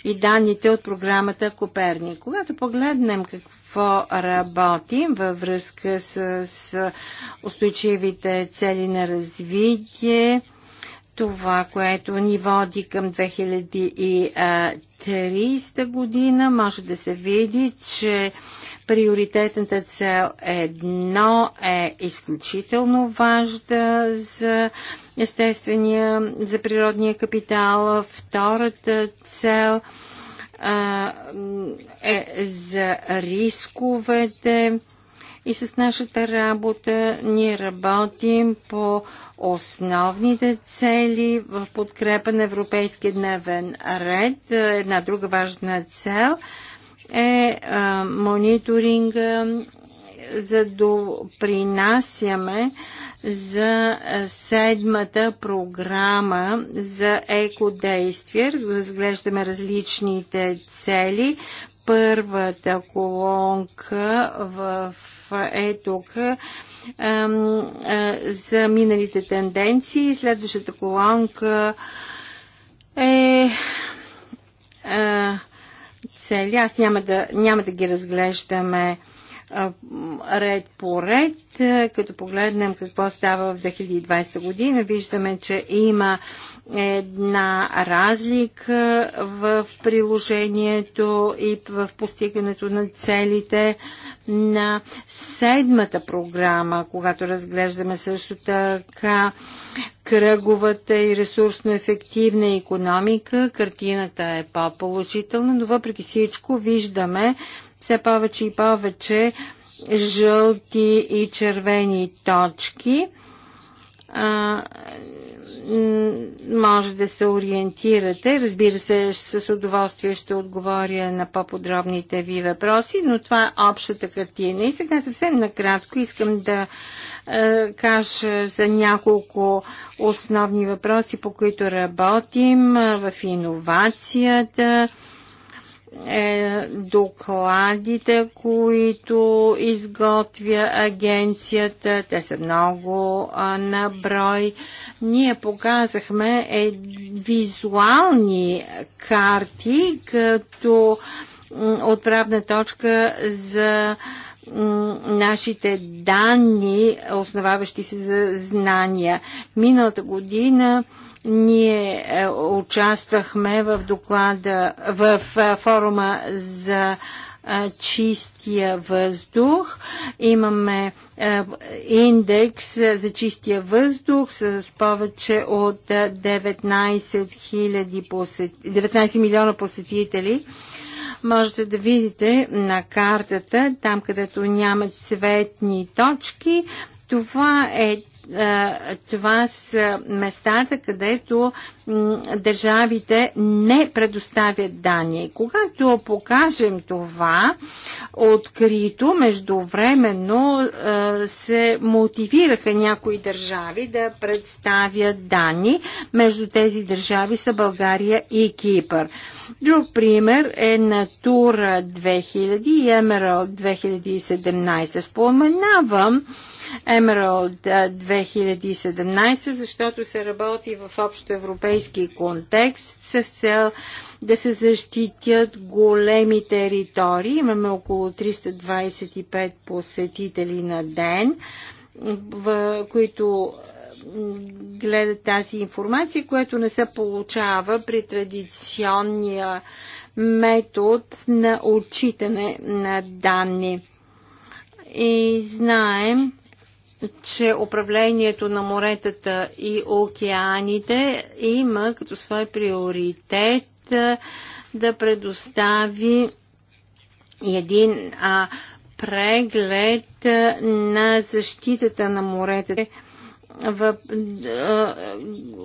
и данните от програмата Коперник. Когато погледнем какво работим във връзка с устойчивите цели на развитие, това, което ни води към 2030 година, може да се види, че Приоритетната цел едно е изключително важна за естествения, за природния капитал. Втората цел е за рисковете. И с нашата работа ние работим по основните цели в подкрепа на Европейския дневен ред. Една друга важна цел – е а, мониторинга, за допринасяме за седмата програма за екодействие. Разглеждаме различните цели. Първата колонка в е тук за миналите тенденции. Следващата колонка е а, цели. Аз няма да, няма да ги разглеждаме ред по ред. Като погледнем какво става в 2020 година, виждаме, че има една разлика в приложението и в постигането на целите на седмата програма, когато разглеждаме също така кръговата и ресурсно ефективна економика. Картината е по-положителна, но въпреки всичко виждаме все повече и повече жълти и червени точки. А, може да се ориентирате. Разбира се, с удоволствие ще отговоря на по-подробните ви въпроси, но това е общата картина. И сега съвсем накратко искам да е, кажа за няколко основни въпроси, по които работим в иновацията. Е, е, докладите, които изготвя агенцията, те са много а, на брой. Ние показахме е, визуални карти като отправна точка за нашите данни, основаващи се за знания. Миналата година ние е, участвахме в доклада, в е, форума за е, чистия въздух. Имаме индекс за чистия въздух с повече от 19, посет... 19 милиона посетители. Можете да видите на картата, там където няма цветни точки, това е е, това са местата, където държавите не предоставят данни. Когато покажем това, открито, междувременно е, се мотивираха някои държави да представят данни. Между тези държави са България и Кипър. Друг пример е Натура 2000 и Емерал 2017. Споменавам, Emerald 2017, защото се работи в общоевропейски контекст с цел да се защитят големи територии. Имаме около 325 посетители на ден, в които гледат тази информация, което не се получава при традиционния метод на отчитане на данни. И знаем, че управлението на моретата и океаните има като свой приоритет да предостави един а, преглед на защитата на моретата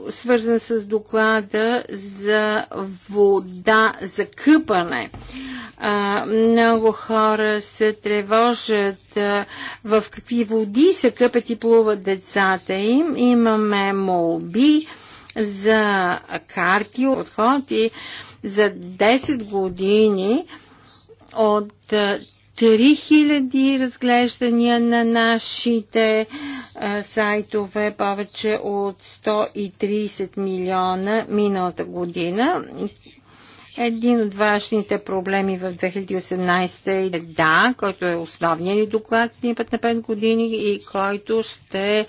свързан с доклада за вода за къпане. Много хора се тревожат в какви води се къпят и плуват децата им. Имаме молби за карти, отходи за 10 години от 3000 разглеждания на нашите а, сайтове, повече от 130 милиона миналата година. Един от важните проблеми в 2018 е да, който е основният ни доклад един път на 5 години и който ще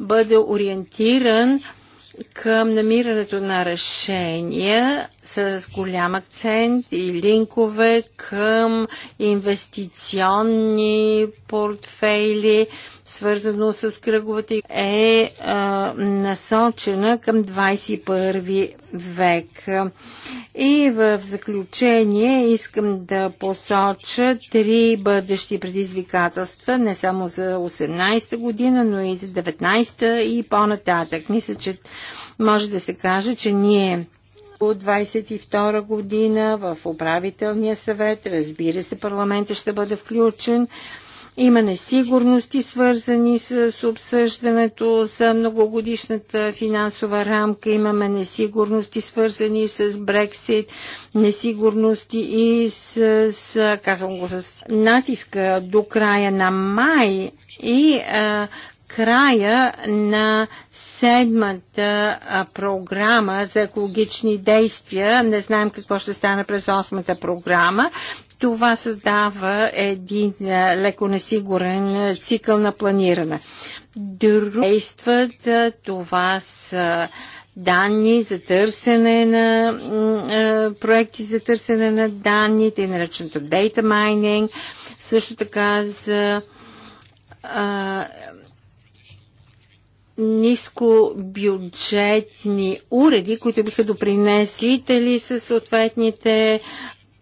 бъде ориентиран към намирането на решения с голям акцент и линкове към инвестиционни портфейли свързано с кръговата, е а, насочена към 21 век. И в заключение искам да посоча три бъдещи предизвикателства, не само за 18-та година, но и за 19-та и по-нататък. Мисля, че може да се каже, че ние от 22 година в управителния съвет. Разбира се, парламентът ще бъде включен има несигурности, свързани с обсъждането за многогодишната финансова рамка. Имаме несигурности, свързани с Брексит, несигурности и с, с казвам го, с натиска до края на май и а, края на седмата програма за екологични действия. Не знаем какво ще стане през осмата програма това създава един е, леко несигурен е, цикъл на планиране. Действат, е, това са данни за търсене на проекти за търсене на данни, тъй нареченото data mining, също така за ниско нискобюджетни уреди, които биха допринесли тали със съответните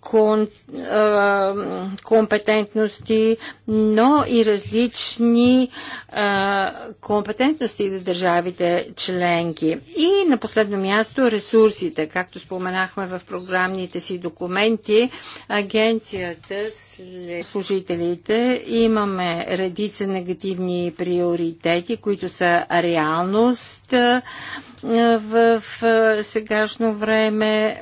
кон, а, компетентности, но и различни а, компетентности на държавите членки. И на последно място ресурсите. Както споменахме в програмните си документи, агенцията след служителите имаме редица негативни приоритети, които са реалност в сегашно време,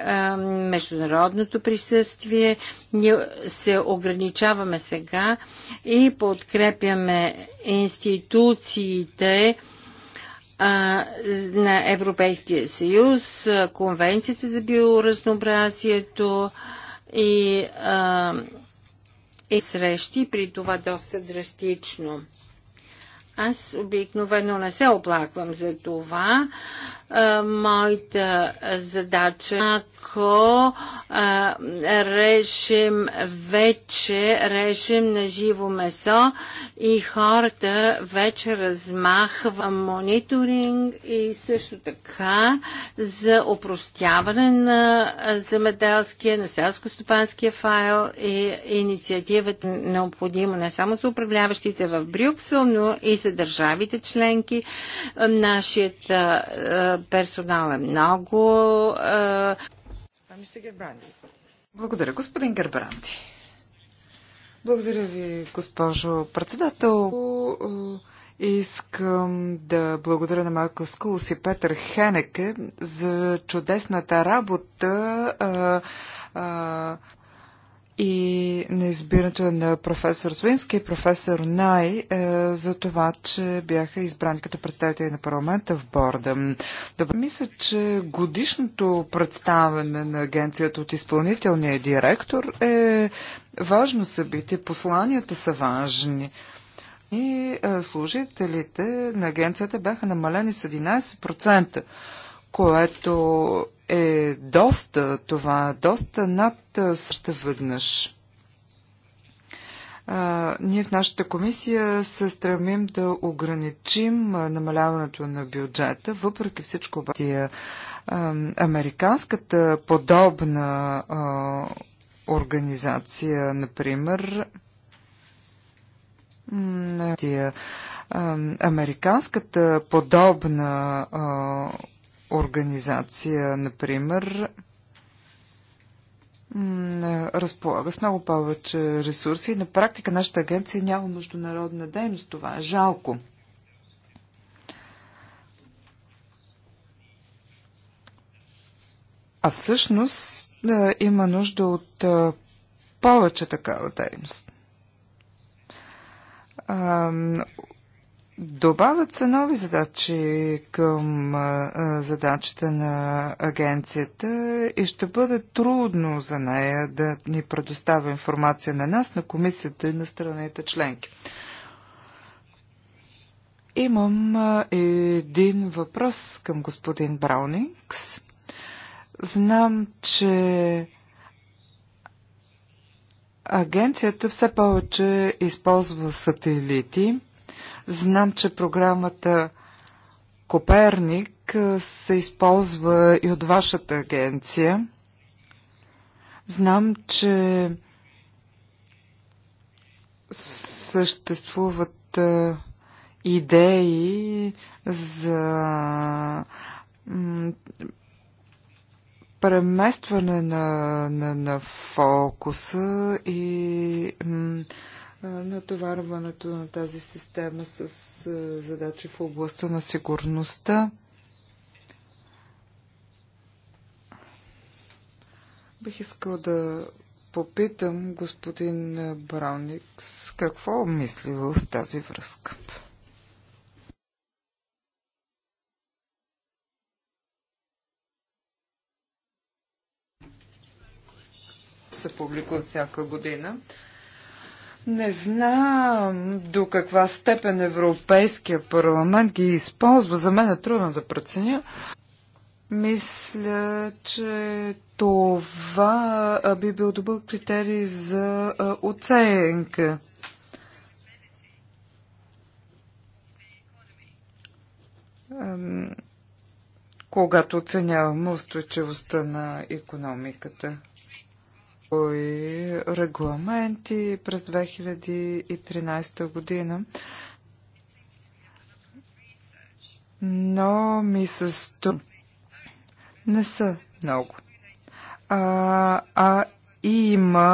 международното присъствие, присъствие. Ние се ограничаваме сега и подкрепяме институциите а, на Европейския съюз, Конвенцията за биоразнообразието и, а, и срещи, при това доста драстично. Аз обикновено не се оплаквам за това. Моята задача, е, ако решим вече, решим на живо месо и хората вече размахва мониторинг и също така за опростяване на земеделския, на селско-стопанския файл и инициативата необходима не само за управляващите в Брюксел, но и за се, държавите членки. Е, нашият е, е, персонал е много. Благодаря, господин Гербранти. Благодаря ви, госпожо председател. Искам да благодаря на Майкъл Скулс и Петър Хенеке за чудесната работа, а, а, и на избирането е на професор Свински и професор Най е, за това, че бяха избрани като представители на парламента в борда. Добре, мисля, че годишното представяне на агенцията от изпълнителния директор е важно събитие. Посланията са важни. И е, служителите на агенцията бяха намалени с 11%, което е доста това, е доста над също веднъж. А, ние в нашата комисия се стремим да ограничим намаляването на бюджета, въпреки всичко обаче американската подобна а, организация, например, американската подобна а, организация, например, е, разполага с много повече ресурси и на практика нашата агенция няма международна дейност. Това е жалко. А всъщност да, е, има нужда от а, е, повече такава дейност. А, Добавят се нови задачи към задачата на агенцията и ще бъде трудно за нея да ни предоставя информация на нас, на комисията и на страните членки. Имам един въпрос към господин Браунингс. Знам, че агенцията все повече използва сателити Знам, че програмата Коперник се използва и от вашата агенция. Знам, че съществуват идеи за преместване на, на, на фокуса и натоварването на тази система с задачи в областта на сигурността. Бих искал да попитам господин Брауникс какво мисли в тази връзка. се публикува всяка година. Не знам до каква степен Европейския парламент ги използва. За мен е трудно да преценя. Мисля, че това би бил добър критерий за оценка. Когато оценяваме устойчивостта на економиката регламенти през 2013 година. Но ми се струва. Не са много. А, а има,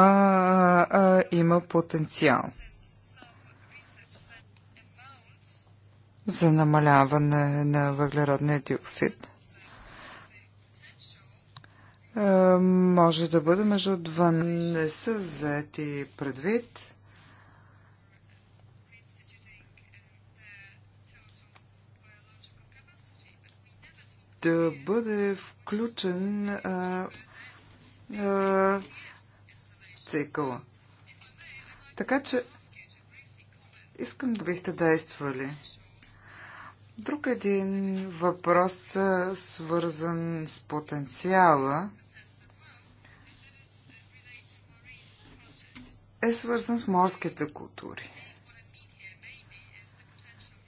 а, има потенциал за намаляване на въглеродния диоксид. Е, може да бъде между 12. Не са взети предвид. Да бъде включен а, е, е, цикъла. Така че искам да бихте действали. Друг един въпрос, свързан с потенциала. е свързан с морските култури.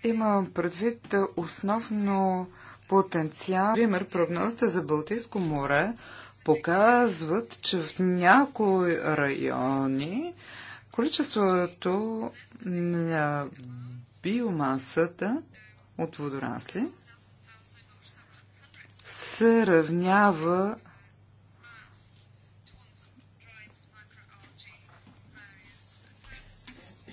Имам предвид основно потенциал. Пример, прогнозите за Балтийско море показват, че в някои райони количеството на биомасата от водорасли се равнява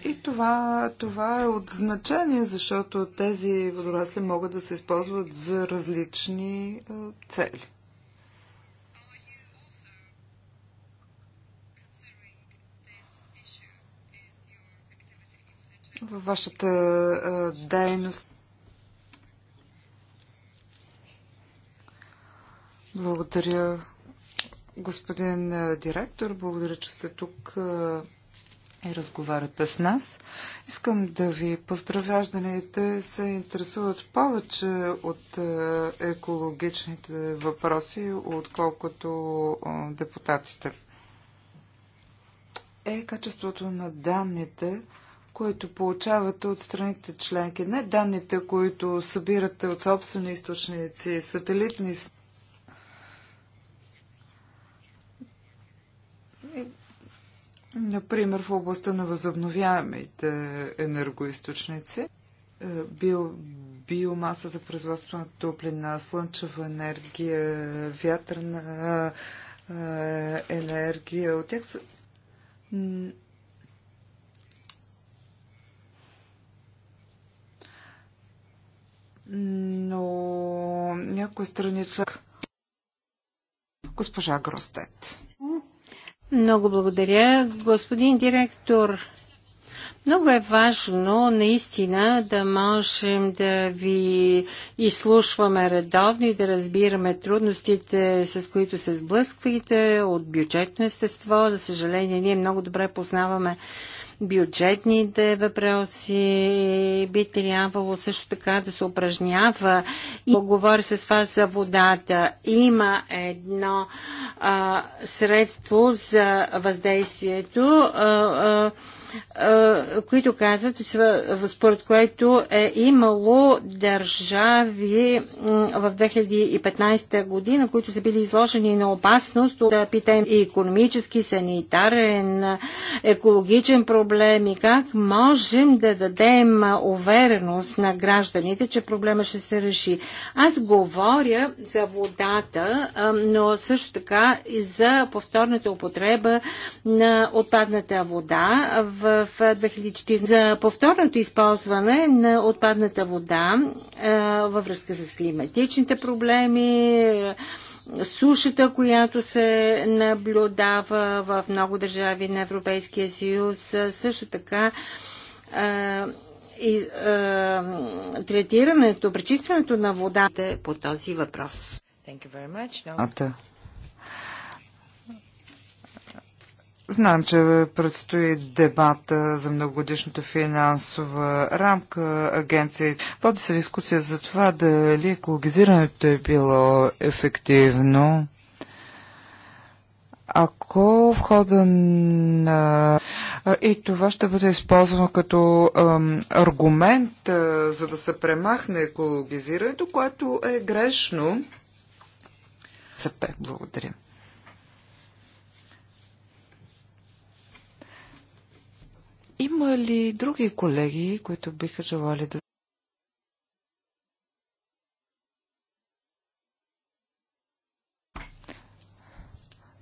И това, това е от значение, защото тези водорасли могат да се използват за различни цели. във вашата а, дейност. Благодаря, господин а, директор. Благодаря, че сте тук. А, и разговаряте с нас. Искам да ви поздравя гражданите се интересуват повече от е, екологичните въпроси, отколкото е, депутатите. Е качеството на данните, които получавате от страните членки. Не данните, които събирате от собствени източници, сателитни например в областта на възобновяемите енергоисточници, е, био, биомаса за производство на топлина, слънчева енергия, вятърна е, енергия. От тях са... Но някои страни са... Госпожа Гростет. Много благодаря, господин директор. Много е важно наистина да можем да ви изслушваме редовно и да разбираме трудностите, с които се сблъсквате от бюджетно естество. За съжаление, ние много добре познаваме бюджетните въпроси би трябвало също така да се упражнява и поговори с вас за водата. Има едно а, средство за въздействието. А, а, които казват, според което е имало държави в 2015 година, които са били изложени на опасност от да питаем и економически, санитарен, екологичен проблем и как можем да дадем увереност на гражданите, че проблема ще се реши. Аз говоря за водата, но също така и за повторната употреба на отпадната вода в в 2014 за повторното използване на отпадната вода във връзка с климатичните проблеми, сушата, която се наблюдава в много държави на Европейския съюз, също така и, третирането, пречистването на водата по този въпрос. Thank Знам, че предстои дебата за многогодишната финансова рамка. Агенция води се дискусия за това дали екологизирането е било ефективно. Ако в хода на... И това ще бъде използвано като ам, аргумент, а, за да се премахне екологизирането, което е грешно. Съпе, благодаря. Има ли други колеги, които биха желали да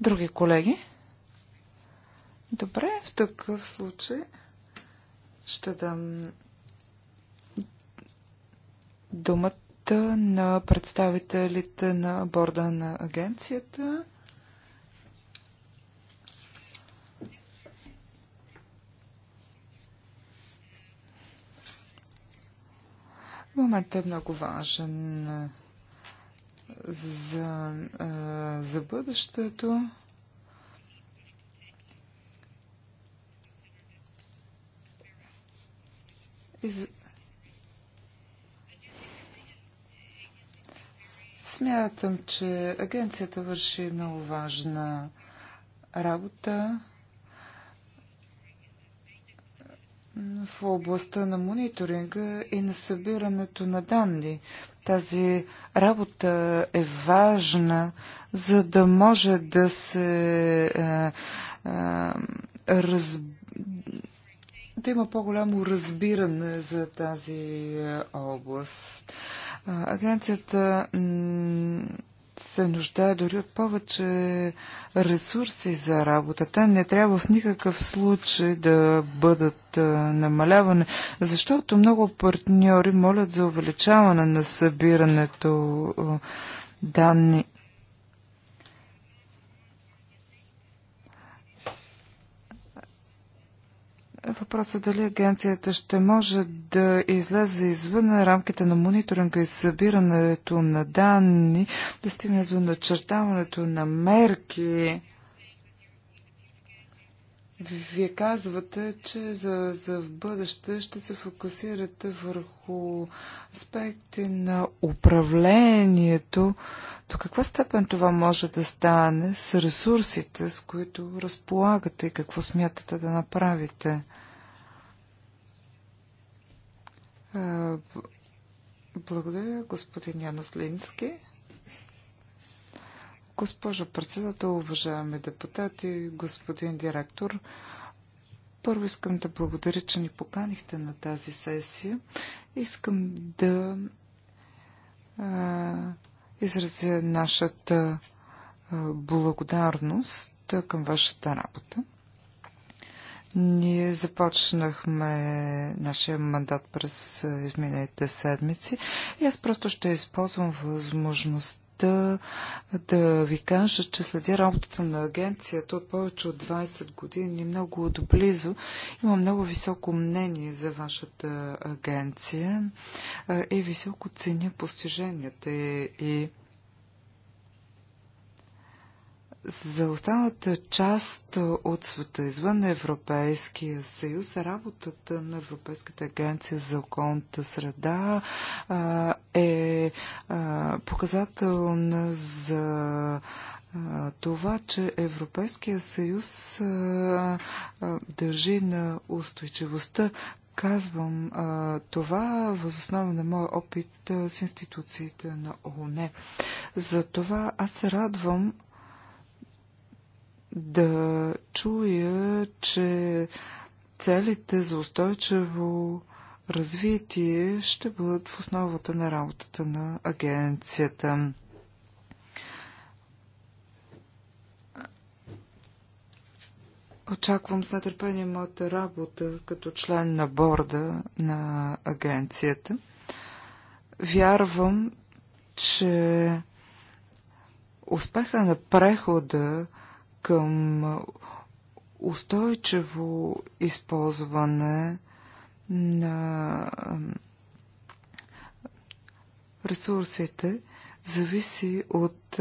Други колеги? Добре, в такъв случай ще дам думата на представителите на борда на агенцията. Моментът е много важен за, за бъдещето. Из... Смятам, че агенцията върши много важна работа. в областта на мониторинга и на събирането на данни. Тази работа е важна, за да може да се а, е, а, е, раз... да има по-голямо разбиране за тази е, област. Агенцията се нуждае дори от повече ресурси за работа. Те не трябва в никакъв случай да бъдат е, намалявани, защото много партньори молят за увеличаване на събирането е, данни Въпросът е дали агенцията ще може да излезе извън рамките на мониторинга и събирането на данни, да стигне до начертаването на мерки. Вие казвате, че за, за в бъдеще ще се фокусирате върху аспекти на управлението. До каква степен това може да стане с ресурсите, с които разполагате и какво смятате да направите? Благодаря, господин Янослински. Госпожо председател, уважаеми депутати, господин директор, първо искам да благодаря, че ни поканихте на тази сесия. Искам да а, изразя нашата благодарност към вашата работа. Ние започнахме нашия мандат през е, изминалите седмици и аз просто ще използвам възможността да ви кажа, че следя работата на агенцията от повече от 20 години много доблизо. Има много високо мнение за вашата агенция е, и високо ценя постиженията и за останалата част от света извън Европейския съюз, работата на Европейската агенция за околната среда а, е а, показателна за това, че Европейския съюз а, а, държи на устойчивостта. Казвам а, това възоснова на моя опит а, с институциите на ООН. За това аз се радвам, да чуя, че целите за устойчиво развитие ще бъдат в основата на работата на агенцията. Очаквам с нетърпение моята работа като член на борда на агенцията. Вярвам, че успеха на прехода към устойчиво използване на ресурсите зависи от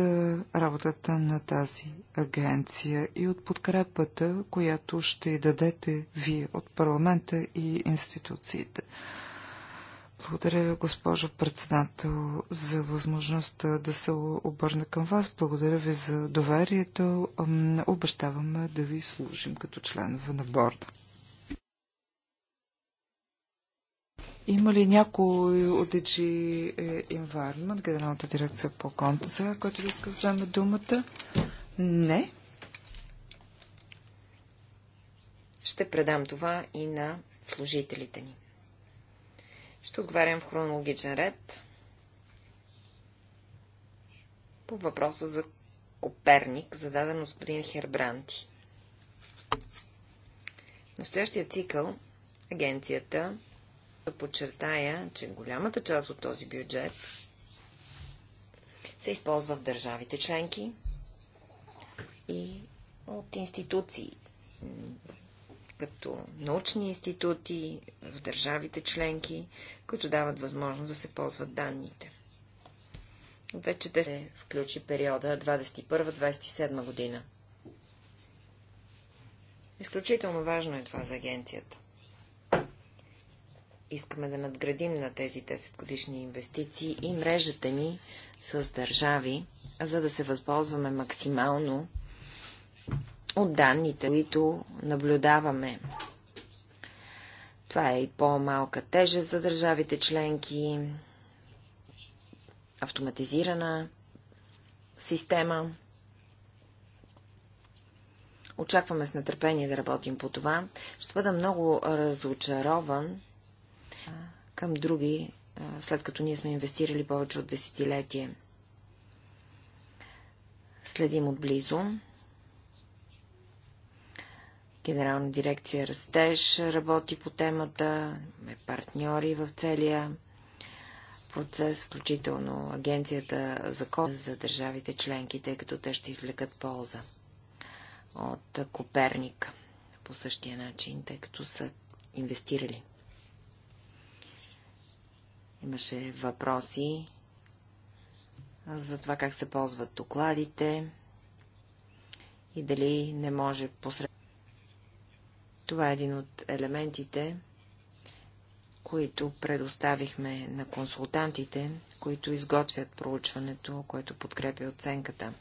работата на тази агенция и от подкрепата, която ще й дадете вие от парламента и институциите. Благодаря, госпожо председател, за възможността да се обърна към вас. Благодаря ви за доверието. Обещаваме да ви служим като членове на борда. Има ли някой от DG е, Environment, Генералната дирекция по конта, сега, който да иска вземе думата? Не. Ще предам това и на служителите ни. Ще отговарям в хронологичен ред по въпроса за Коперник, зададен от господин Хербранти. В настоящия цикъл агенцията да подчертая, че голямата част от този бюджет се използва в държавите членки и от институции като научни институти в държавите членки, които дават възможност да се ползват данните. Вече те се включи периода 21-27 година. Изключително важно е това за агенцията. Искаме да надградим на тези 10 годишни инвестиции и мрежата ни с държави, за да се възползваме максимално от данните, които наблюдаваме. Това е и по-малка тежест за държавите членки, автоматизирана система. Очакваме с нетърпение да работим по това. Ще бъда много разочарован към други, след като ние сме инвестирали повече от десетилетие. Следим отблизо Генерална дирекция Растеж работи по темата, е партньори в целия процес, включително Агенцията за код за държавите членки, тъй като те ще извлекат полза от Коперник по същия начин, тъй като са инвестирали. Имаше въпроси за това как се ползват докладите и дали не може посред това е един от елементите, които предоставихме на консултантите, които изготвят проучването, което подкрепя оценката.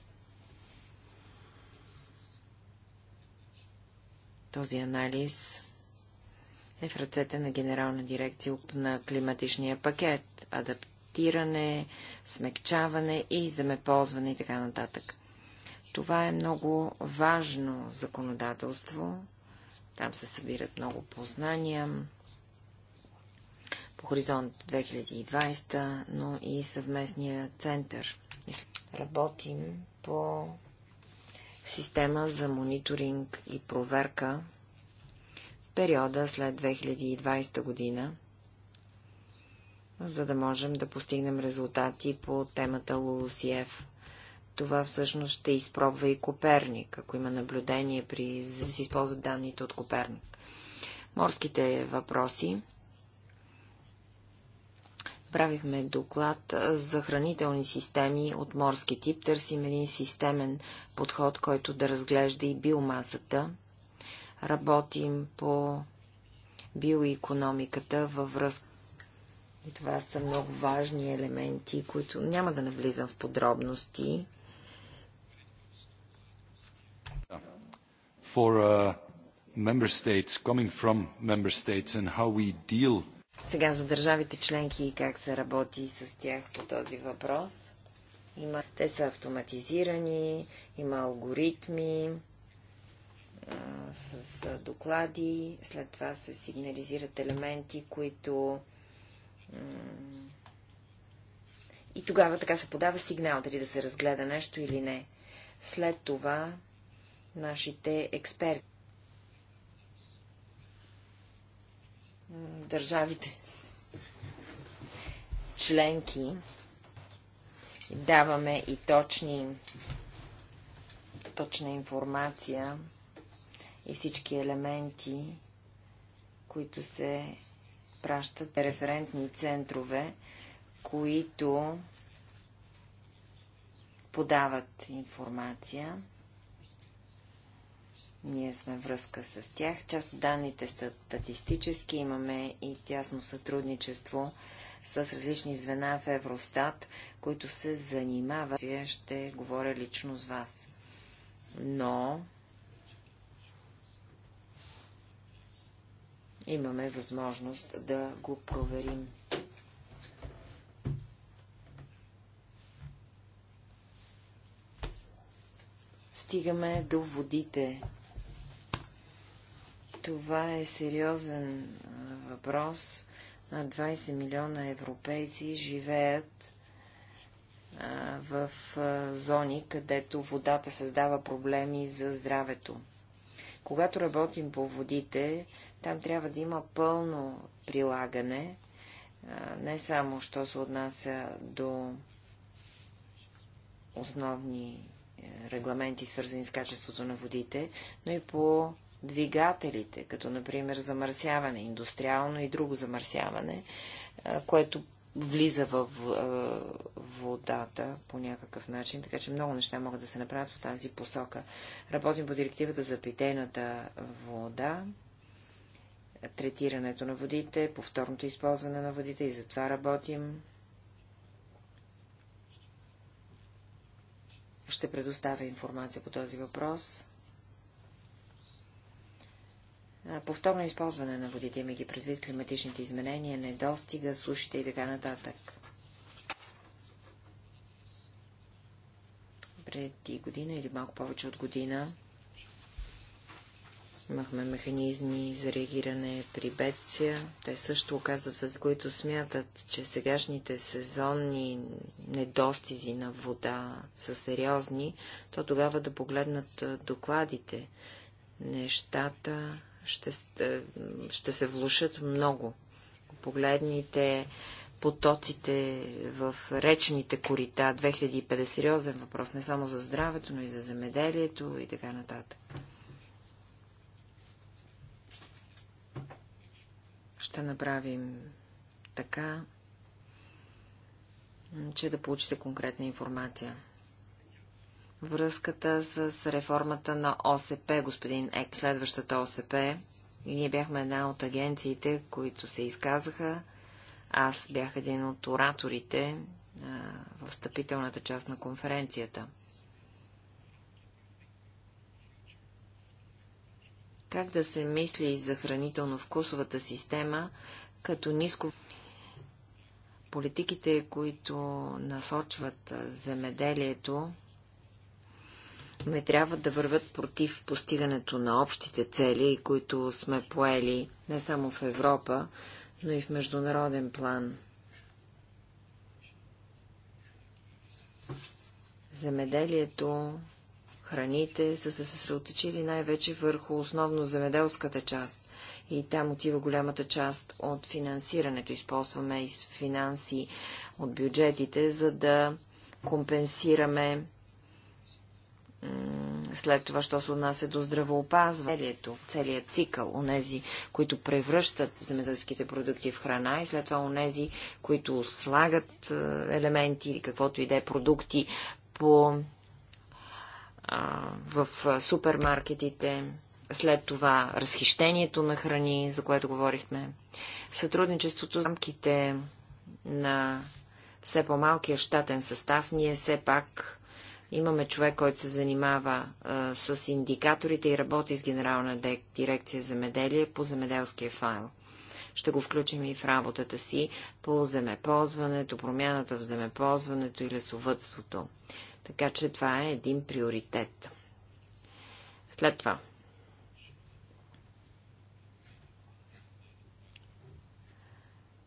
Този анализ е в ръцете на Генерална дирекция на климатичния пакет, адаптиране, смекчаване и земеползване и така нататък. Това е много важно законодателство, там се събират много познания по хоризонт 2020, но и съвместния център. Работим по система за мониторинг и проверка в периода след 2020 година, за да можем да постигнем резултати по темата ЛУЛСИЕФ. Това всъщност ще изпробва и Коперник, ако има наблюдение при... за да се използват данните от Коперник. Морските въпроси. Правихме доклад за хранителни системи от морски тип. Търсим един системен подход, който да разглежда и биомасата. Работим по биоекономиката във връзка. И това са много важни елементи, които няма да навлизам в подробности. for uh, member states, coming from member states and how we deal сега за държавите членки и как се работи с тях по този въпрос. Има, те са автоматизирани, има алгоритми а, с, с доклади, след това се сигнализират елементи, които. и тогава така се подава сигнал дали да се разгледа нещо или не. След това нашите експерти. Държавите членки даваме и точни, точна информация и всички елементи, които се пращат референтни центрове, които подават информация ние сме връзка с тях. Част от данните статистически имаме и тясно сътрудничество с различни звена в Евростат, които се занимават. Вие ще говоря лично с вас. Но имаме възможност да го проверим. Стигаме до водите това е сериозен въпрос. На 20 милиона европейци живеят в зони, където водата създава проблеми за здравето. Когато работим по водите, там трябва да има пълно прилагане, не само, що се отнася до основни е, регламенти, свързани с качеството на водите, но и по двигателите, като например замърсяване, индустриално и друго замърсяване, което влиза в водата по някакъв начин, така че много неща могат да се направят в тази посока. Работим по директивата за питейната вода, третирането на водите, повторното използване на водите и за това работим. Ще предоставя информация по този въпрос повторно използване на водите, ги предвид климатичните изменения, недостига, сушите и така нататък. Преди година или малко повече от година имахме механизми за реагиране при бедствия. Те също оказват въз, които смятат, че сегашните сезонни недостизи на вода са сериозни, то тогава да погледнат докладите нещата ще, е, ще се влушат много. Погледните потоците в речните корита 2050 сериозен въпрос не само за здравето, но и за земеделието и така нататък. Ще направим така, че да получите конкретна информация връзката с реформата на ОСП, господин Ек, следващата ОСП. И ние бяхме една от агенциите, които се изказаха. Аз бях един от ораторите а, в стъпителната част на конференцията. Как да се мисли за хранително-вкусовата система, като ниско политиките, които насочват земеделието не трябва да върват против постигането на общите цели, които сме поели не само в Европа, но и в международен план. Земеделието, храните са се съсредоточили най-вече върху основно земеделската част. И там отива голямата част от финансирането. Използваме и финанси от бюджетите, за да компенсираме след това, що се отнася до здравоопазването, целият цикъл, онези, които превръщат земеделските продукти в храна и след това онези, които слагат е, елементи или каквото и да е продукти по, а, в супермаркетите, след това разхищението на храни, за което говорихме, сътрудничеството в рамките на все по-малкия щатен състав, ние все пак Имаме човек, който се занимава а, с индикаторите и работи с Генерална дирекция земеделие по земеделския файл. Ще го включим и в работата си по земеползването, промяната в земеползването и лесовътството. Така че това е един приоритет. След това.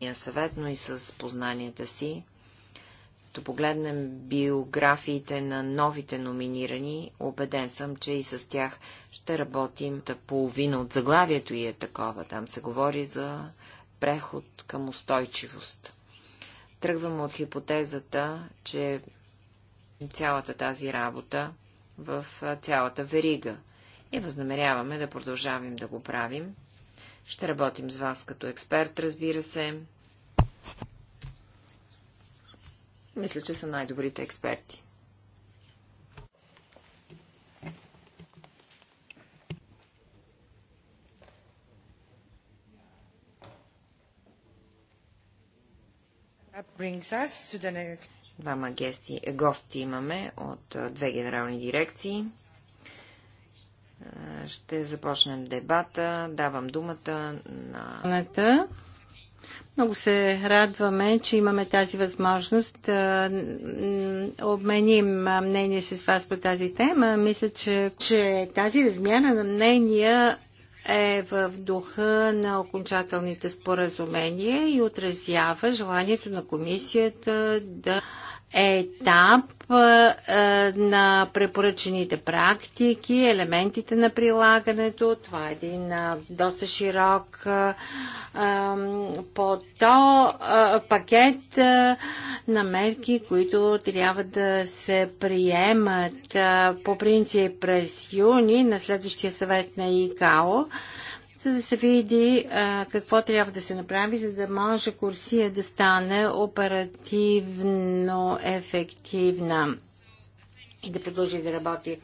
съвет, съветно и с познанията си като погледнем биографиите на новите номинирани, убеден съм, че и с тях ще работим. Та половина от заглавието и е такова. Там се говори за преход към устойчивост. Тръгвам от хипотезата, че цялата тази работа в цялата верига и възнамеряваме да продължаваме да го правим. Ще работим с вас като експерт, разбира се, мисля, че са най-добрите експерти. Двама гости имаме от две генерални дирекции. Ще започнем дебата. Давам думата на... Много се радваме, че имаме тази възможност да обменим мнение с вас по тази тема. Мисля, че, че тази размяна на мнения е в духа на окончателните споразумения и отразява желанието на комисията да етап на препоръчените практики, елементите на прилагането. Това е един доста широк по то пакет на мерки, които трябва да се приемат по принцип през юни на следващия съвет на ИКАО за да се види а, какво трябва да се направи, за да може курсия да стане оперативно ефективна и да продължи да работи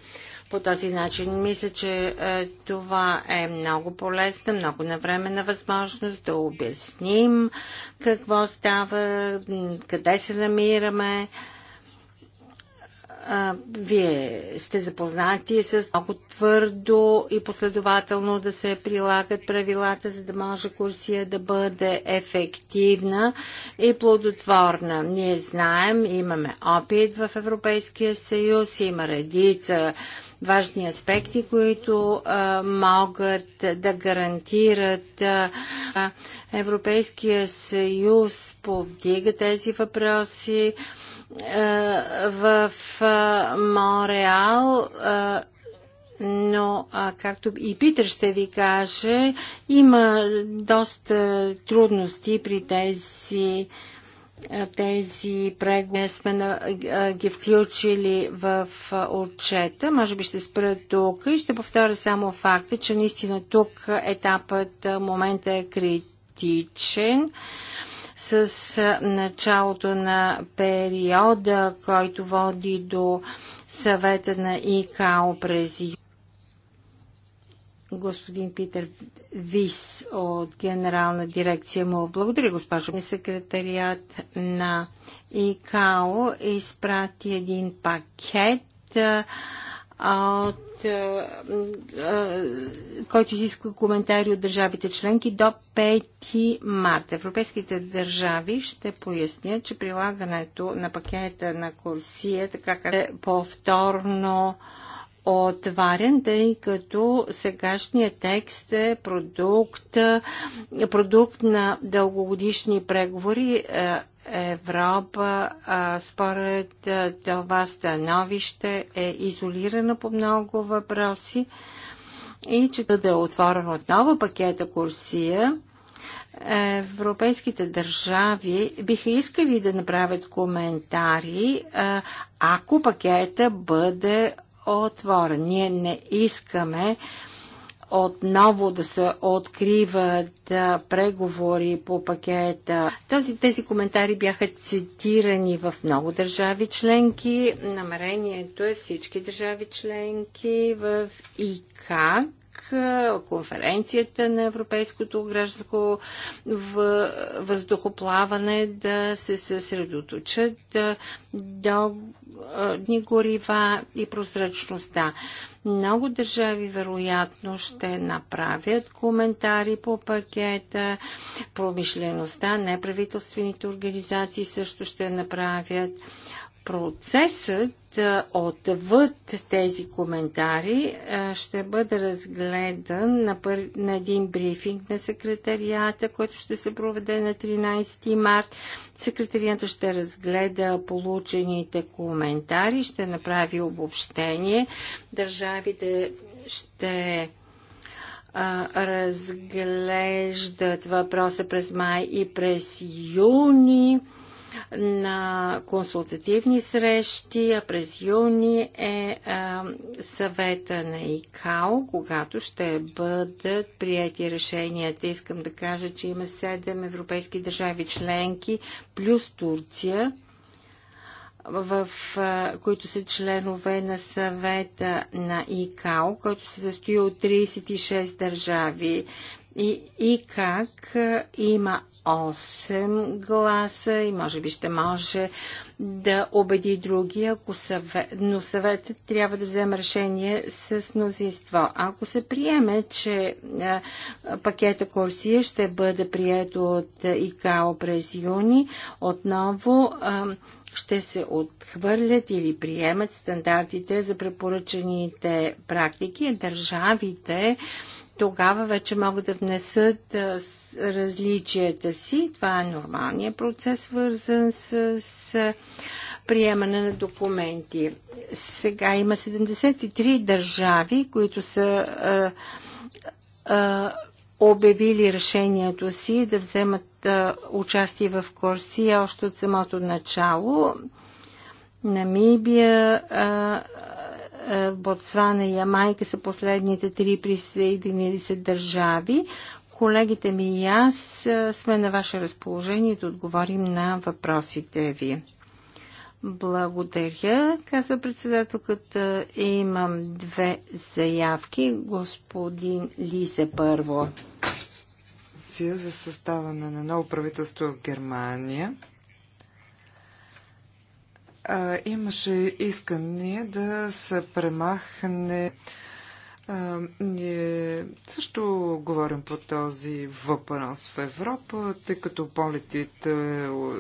по този начин. Мисля, че а, това е много полезна, много навременна възможност да обясним какво става, къде се намираме а, вие сте запознати с много твърдо и последователно да се прилагат правилата, за да може курсия да бъде ефективна и плодотворна. Ние знаем, имаме опит в Европейския съюз, има редица важни аспекти, които а, могат да гарантират а, Европейския съюз повдига тези въпроси. Е, в е, Мореал е, но, както и Питър ще ви каже, има доста трудности при тези тези прегне сме на, ги включили в отчета. Може би ще спра тук и ще повторя само факта, че наистина тук етапът момента е критичен с началото на периода, който води до съвета на ИКАО през господин Питер Вис от Генерална дирекция му. Благодаря, госпожо. Секретарият на ИКАО изпрати един пакет от, който изисква коментари от държавите членки до 5 марта. Европейските държави ще пояснят, че прилагането на пакета на Корсия, така как е повторно отварен, тъй като сегашният текст е продукт, продукт на дългогодишни преговори е, Европа, според това становище, е изолирана по много въпроси и че да е отворен отново пакета Курсия, европейските държави биха искали да направят коментари, ако пакета бъде отворен. Ние не искаме отново да се откриват преговори по пакета. Този, тези коментари бяха цитирани в много държави членки. Намерението е всички държави членки в ИКАК конференцията на европейското гражданско въздухоплаване да се съсредоточат до дни горива и прозрачността. Да. Много държави вероятно ще направят коментари по пакета. Промишлеността, неправителствените организации също ще направят процесът отвъд тези коментари ще бъде разгледан на, пър... на един брифинг на секретарията, който ще се проведе на 13 март. Секретарията ще разгледа получените коментари, ще направи обобщение. Държавите ще разглеждат въпроса през май и през юни на консултативни срещи, а през юни е а, съвета на ИКАО, когато ще бъдат прияти решенията. Искам да кажа, че има 7 европейски държави членки, плюс Турция, в а, които са членове на съвета на ИКАО, който се състои от 36 държави и, и как има 8 гласа и може би ще може да убеди други, ако съвет, но съветът трябва да вземе решение с мнозинство. Ако се приеме, че а, пакета Корсия ще бъде прият от ИКАО през юни, отново а, ще се отхвърлят или приемат стандартите за препоръчените практики. Държавите а, тогава вече могат да внесат различията си. Това е нормалният процес, свързан с, с приемане на документи. Сега има 73 държави, които са а, а, обявили решението си да вземат а, участие в Корсия още от самото начало. Намибия, е, Ботсвана и Ямайка са последните три присъединили се държави. Колегите ми и аз е, сме на ваше разположение да отговорим на въпросите ви. Благодаря, казва председателката. Имам две заявки. Господин Лисе първо. За съставане на ново правителство в Германия а, имаше искане да се премахне. А, ние също говорим по този въпрос в Европа, тъй като полетите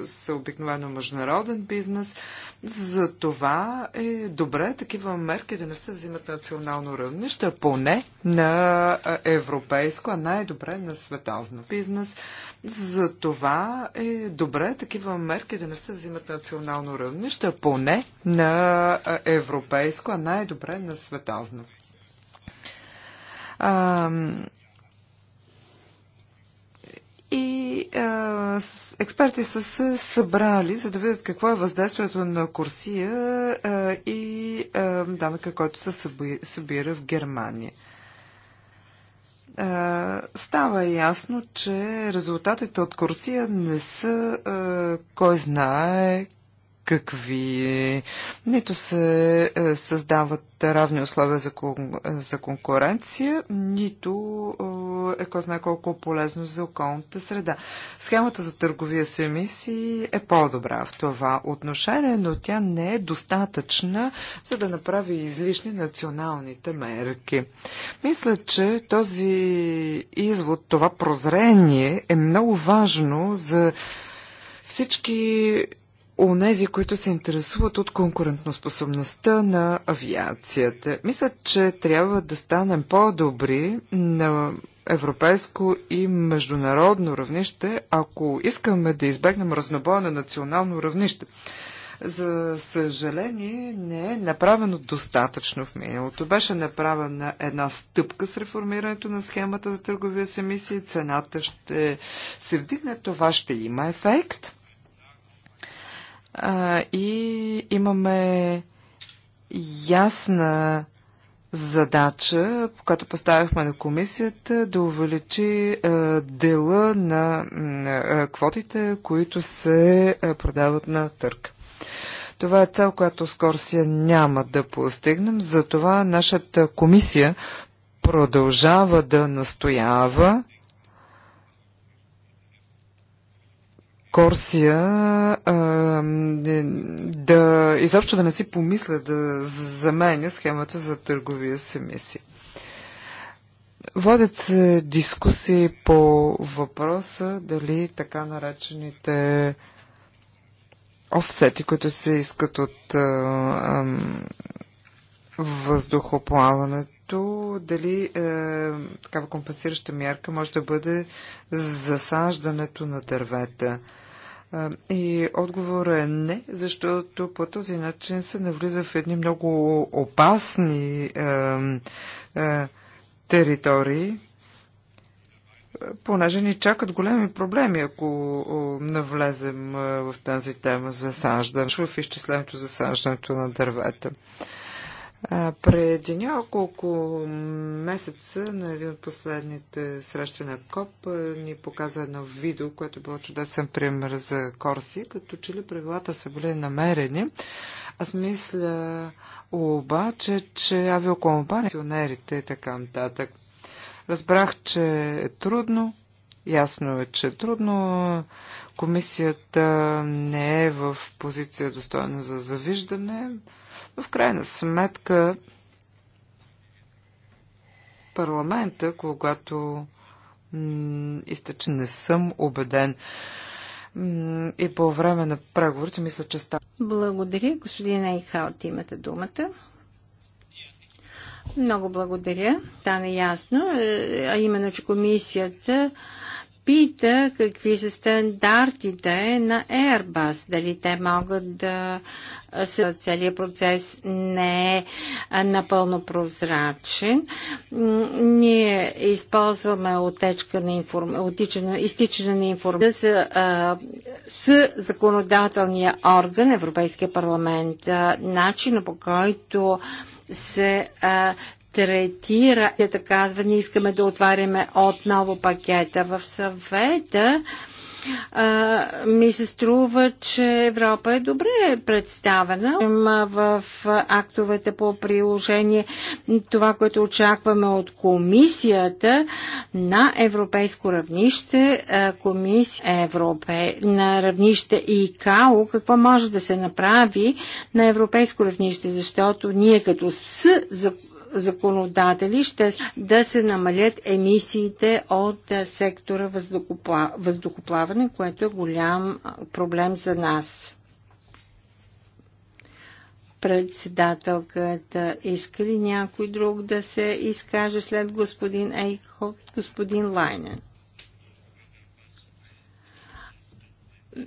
са обикновено международен бизнес. За това е добре такива мерки да не се взимат национално равнище, поне на европейско, а най-добре на световно бизнес. За това е добре такива мерки да не се взимат на национално равнище, а поне на европейско, а най-добре на световно. А, и а, с, експерти са се събрали, за да видят какво е въздействието на Курсия а, и а, данъка, който се събира в Германия. Е, става ясно, че резултатите от Курсия не са е, кой знае Какви, нито се е, създават равни условия за, кон, за конкуренция, нито е, е кой знае колко полезно за околната среда. Схемата за търговия с емисии е по-добра в това отношение, но тя не е достатъчна, за да направи излишни националните мерки. Мисля, че този извод, това прозрение е много важно за всички онези, които се интересуват от конкурентноспособността на авиацията. Мисля, че трябва да станем по-добри на европейско и международно равнище, ако искаме да избегнем разнобоя на национално равнище. За съжаление, не е направено достатъчно в миналото. Беше направена една стъпка с реформирането на схемата за търговия с емисии. Цената ще се вдигне, това ще има ефект а, и имаме ясна задача, която поставихме на комисията, да увеличи а, дела на а, квотите, които се а, продават на търг. Това е цел, която Скорсия няма да постигнем, затова нашата комисия продължава да настоява Корсия а, е, да изобщо да не си помисля да заменя схемата за търговия с емисии. Водят се дискусии по въпроса дали така наречените офсети, които се искат от а, въздухоплаването, дали е, такава компенсираща мярка може да бъде засаждането на дървета. И отговорът е не, защото по този начин се навлиза в едни много опасни е, е, територии, понеже ни чакат големи проблеми, ако навлезем в тази тема за саждане, в изчислението за саждането на дървета преди няколко месеца на един от последните срещи на КОП ни показа едно видео, което било чудесен пример за Корси, като че ли правилата са били намерени. Аз мисля обаче, че авиокомпаниите, и така нататък. Разбрах, че е трудно, Ясно е, че е трудно. Комисията не е в позиция достойна за завиждане. В крайна сметка парламента, когато изтече не съм убеден и по време на преговорите мисля, че става. Благодаря. Господин Ейхалт, имате думата. Много благодаря. не е ясно. Е, а именно, че комисията пита какви са стандартите на Airbus, дали те могат да целият процес не е напълно прозрачен. Ние използваме отечка на информация, изтичане на информация с, с законодателния орган, Европейския парламент, начина по който се а, третира, те казва, ние искаме да отваряме отново пакета в съвета. А, ми се струва, че Европа е добре представена в актовете по приложение. Това, което очакваме от комисията на европейско равнище, комисия Европе, на равнище ИКАО, какво може да се направи на европейско равнище, защото ние като с законодатели ще да се намалят емисиите от е, сектора въздухопла... въздухоплаване, което е голям проблем за нас. Председателката иска ли някой друг да се изкаже след господин Ейхот, господин Лайнен?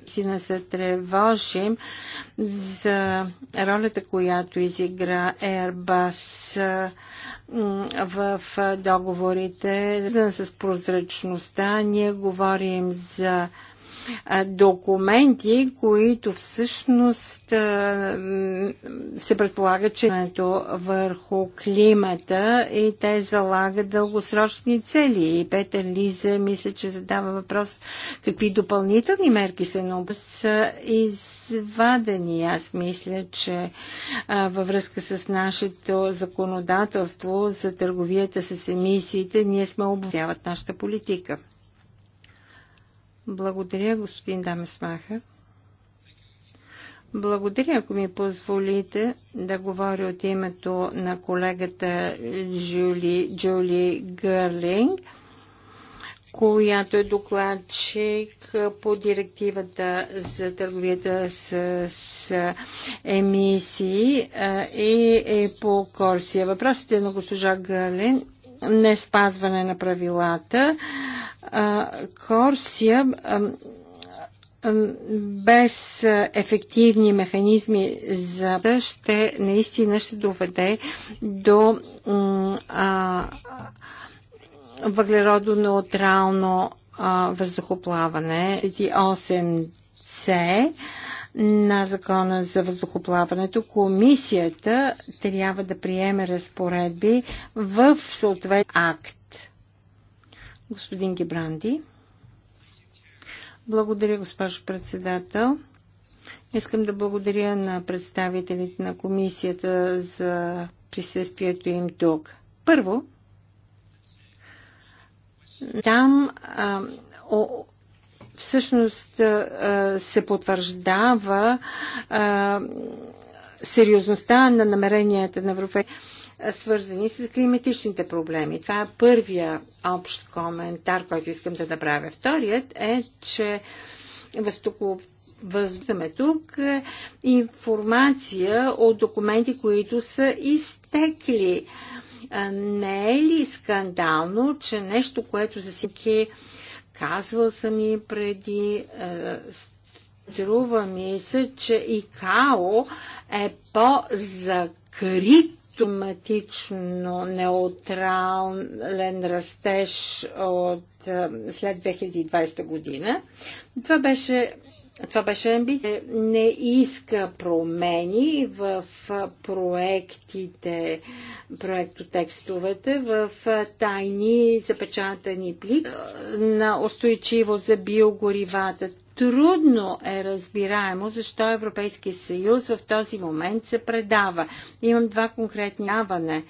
си се тревожим за ролята, която изигра Airbus в договорите. С прозрачността ние говорим за документи, които всъщност се предполага, че върху климата и те залагат дългосрочни цели. И Петър Лиза мисля, че задава въпрос какви допълнителни мерки се но са извадени. Аз мисля, че във връзка с нашето законодателство за търговията с емисиите, ние сме обявяват нашата политика. Благодаря, господин Дамесмаха. Благодаря, ако ми позволите да говоря от името на колегата Джули, Джули Гърлинг, която е докладчик по директивата за търговията с, с емисии и е по Корсия. Въпросите на госпожа Гърлинг не спазване на правилата. Корсия без ефективни механизми за ще наистина ще доведе до въглеродно въглеродонеутрално въздухоплаване 8C на закона за въздухоплаването, комисията трябва да приеме разпоредби в съответен акт. Господин Гебранди. Благодаря, госпожо председател. Искам да благодаря на представителите на комисията за присъствието им тук. Първо, там а, о, всъщност се потвърждава сериозността на намеренията на Европейския свързани с климатичните проблеми. Това е първия общ коментар, който искам да направя. Вторият е, че въздухоплътстването тук информация от документи, които са изтекли. Не е ли скандално, че нещо, което за всеки Казвал съм и преди, е, струва ми се, че ИКАО е по-закрит автоматично неутрален растеж от, е, след 2020 година. Това беше това беше амбиция, не иска промени в проектите, проектотекстовете, в тайни запечатани плик на устойчиво за биогоривата. Трудно е разбираемо защо Европейския съюз в този момент се предава. Имам два конкретни аване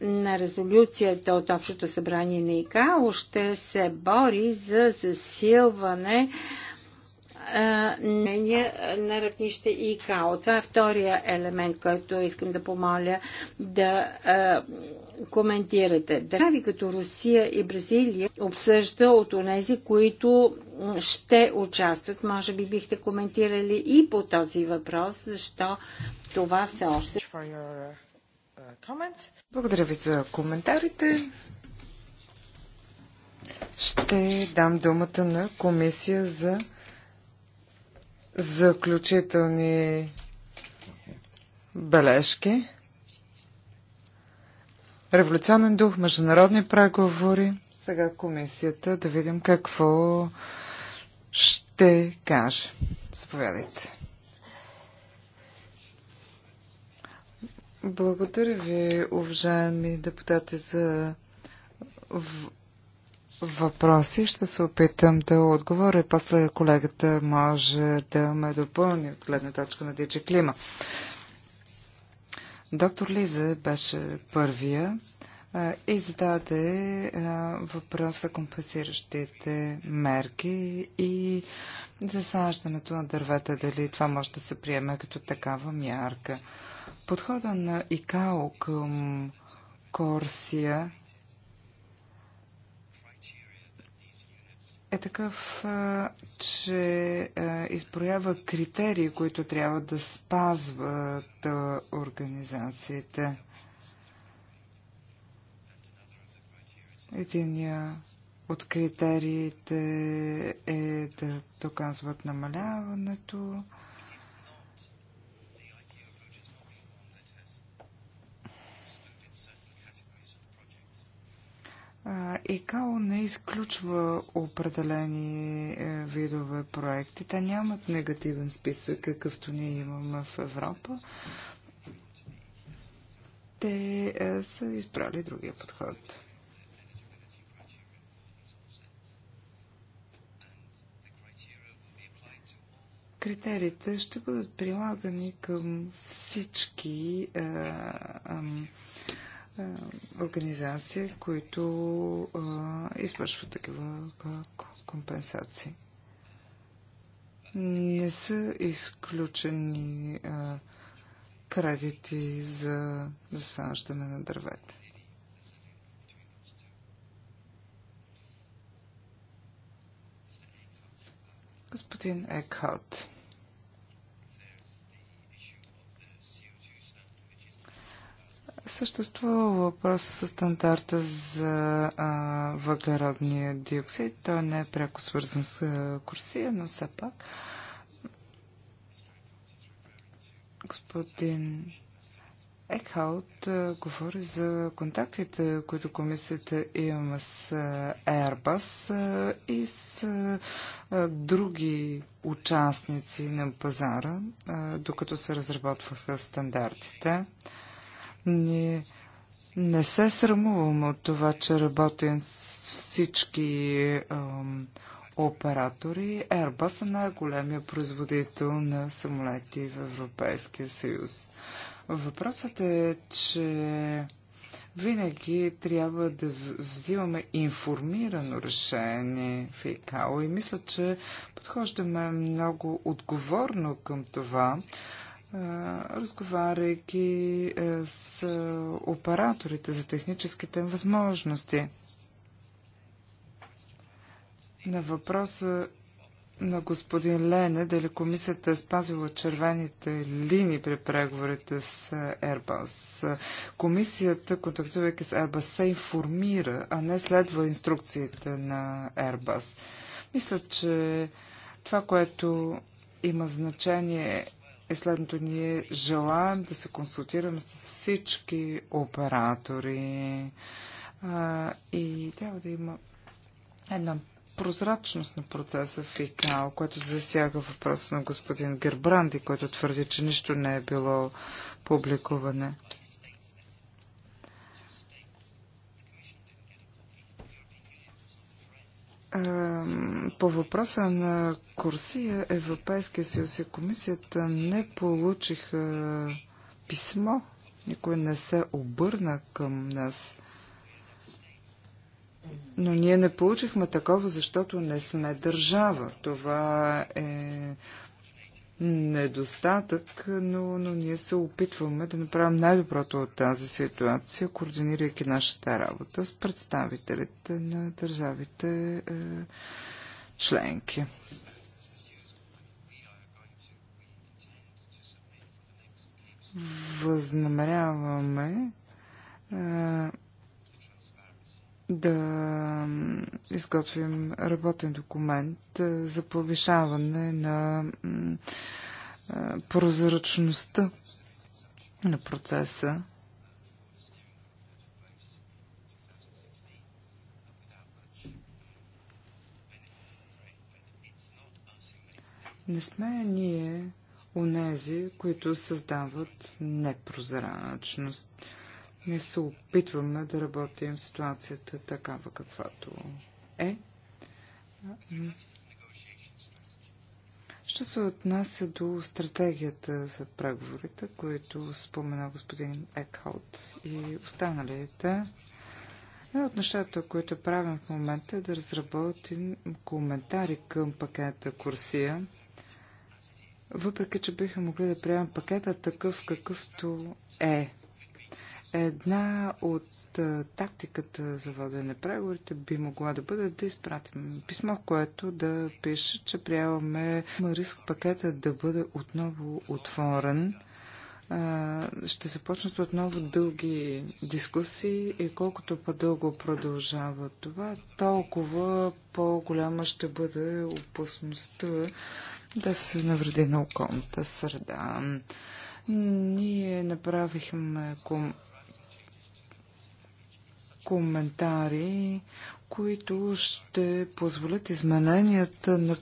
на резолюцията от Общото събрание на ИКАО ще се бори за засилване мнение на равнище ИКАО. Това е втория елемент, който искам да помоля да а, коментирате. Държави като Русия и Бразилия обсъжда от онези, които ще участват. Може би бихте коментирали и по този въпрос, защо това все още. Uh, Благодаря ви за коментарите. Ще дам думата на комисия за Заключителни бележки. Революционен дух, международни преговори. Сега комисията да видим какво ще каже. Заповядайте. Благодаря ви, уважаеми депутати, за въпроси. Ще се опитам да отговоря. После колегата може да ме допълни от гледна точка на Диджи Клима. Доктор Лиза беше първия и зададе въпроса компенсиращите мерки и засаждането на дървета, дали това може да се приеме като такава мярка. Подхода на ИКАО към Корсия е такъв, че изброява критерии, които трябва да спазват организациите. Единия от критериите е да доказват намаляването, ИКАО не изключва определени е, видове проекти. Те нямат негативен списък, какъвто ние имаме в Европа. Те е, са избрали другия подход. Критериите ще бъдат прилагани към всички а, е, а, е, организации, които е, извършват такива е, компенсации. Не са изключени кредити за засаждане на дървета. Господин Екхаут. Съществува въпрос с стандарта за а, въглеродния диоксид. Той не е пряко свързан с а, Курсия, но все пак. Господин Екхаут а, говори за контактите, които комисията има с а, Airbus а, и с а, други участници на пазара, а, докато се разработваха стандартите. Ние не се срамуваме от това, че работим с всички ам, оператори. Airbus е най-големия производител на самолети в Европейския съюз. Въпросът е, че винаги трябва да взимаме информирано решение в ИКАО и мисля, че подхождаме много отговорно към това, разговаряйки е, с операторите за техническите възможности. На въпроса на господин Лене дали комисията е спазила червените линии при преговорите с Airbus. Комисията, контактувайки с Airbus, се информира, а не следва инструкциите на Airbus. Мисля, че това, което има значение е следното. Ние желаем да се консултираме с всички оператори а, и трябва да има една прозрачност на процеса в ИКАО, което засяга въпроса на господин Гербранди, който твърди, че нищо не е било публикуване. по въпроса на Курсия, Европейския съюз и комисията не получиха писмо. Никой не се обърна към нас. Но ние не получихме такова, защото не сме държава. Това е недостатък, но, но ние се опитваме да направим най-доброто от тази ситуация, координирайки нашата работа с представителите на държавите е, членки. Възнамеряваме е, да изготвим работен документ за повишаване на прозрачността на процеса. Не сме ние унези, които създават непрозрачност не се опитваме да работим в ситуацията такава, каквато е. Що се отнася до стратегията за преговорите, които спомена господин Екхалт и останалите, Една от нещата, които правим в момента е да разработим коментари към пакета Курсия, въпреки че биха могли да приемем пакета такъв какъвто е. Една от тактиката за водене преговорите би могла да бъде да изпратим писмо, което да пише, че приемаме риск пакета да бъде отново отворен ще започнат отново дълги дискусии и колкото по-дълго продължава това, толкова по-голяма ще бъде опасността да се навреди на околната среда. Ние направихме коментари, които ще позволят измененията на,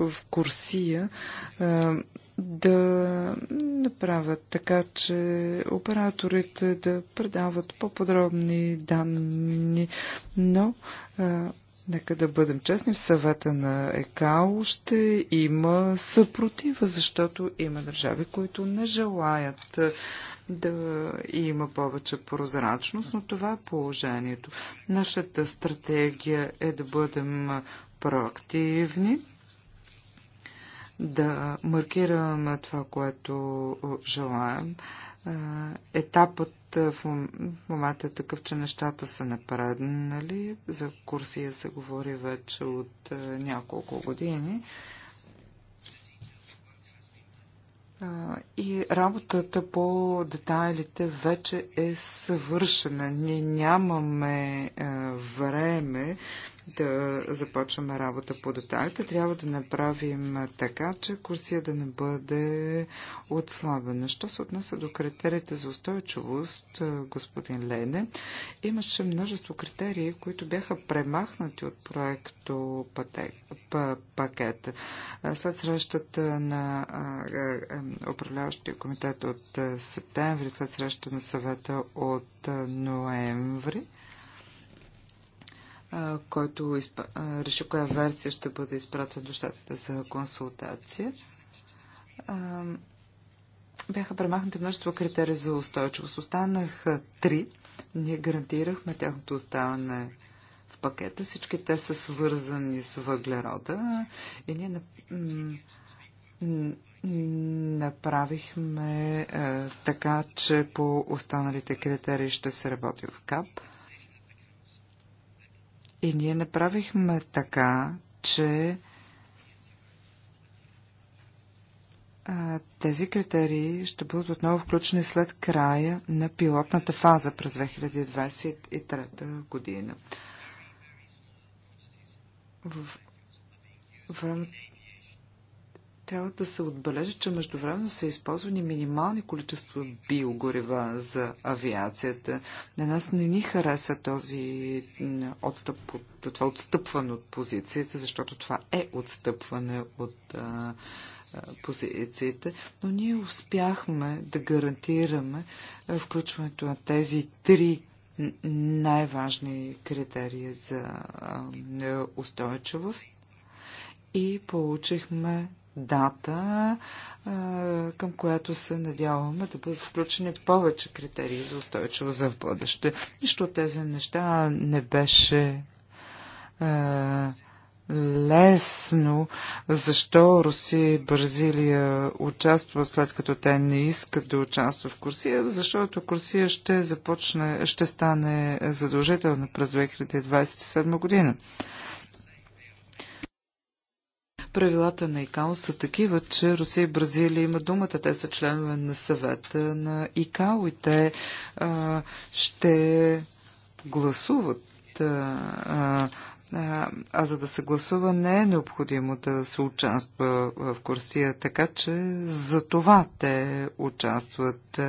в курсия да направят така, че операторите да предават по-подробни данни, но Нека да бъдем честни, в съвета на ЕКАО ще има съпротива, защото има държави, които не желаят да има повече прозрачност, но това е положението. Нашата стратегия е да бъдем проактивни, да маркираме това, което желаем. Етапът в момента е такъв, че нещата са напреднали. За Курсия се говори вече от няколко години и работата по детайлите вече е съвършена. Ние нямаме време да започваме работа по детайлите. Трябва да направим така, че курсия да не бъде отслабена. Що се отнася до критериите за устойчивост, господин Лене, имаше множество критерии, които бяха премахнати от проекто пакета. След срещата на управляващия комитет от септември, след срещата на съвета от ноември, който реши коя версия ще бъде изпратен до щатите за консултация. Бяха премахнати множество критерии за устойчивост. Останаха три. Ние гарантирахме тяхното оставане в пакета. Всички те са свързани с въглерода и ние направихме така, че по останалите критерии ще се работи в КАП. И ние направихме така, че тези критерии ще бъдат отново включени след края на пилотната фаза през 2023 година. В, в, трябва да се отбележи, че междувременно са използвани минимални количества биогорива за авиацията. На нас не ни хареса този отстъп от, това отстъпване от позицията, защото това е отстъпване от а, позициите, но ние успяхме да гарантираме включването на тези три най-важни критерии за устойчивост и получихме дата, към която се надяваме да бъдат включени повече критерии за устойчиво за в бъдеще. Нищо от тези неща не беше лесно защо Русия и Бразилия участват след като те не искат да участват в Курсия, защото Курсия ще започне, ще стане задължителна през 2027 година. Правилата на ИКАО са такива, че Русия и Бразилия има думата. Те са членове на съвета на ИКАО и те а, ще гласуват. А, а, а за да се гласува не е необходимо да се участва в Курсия, така че за това те участват.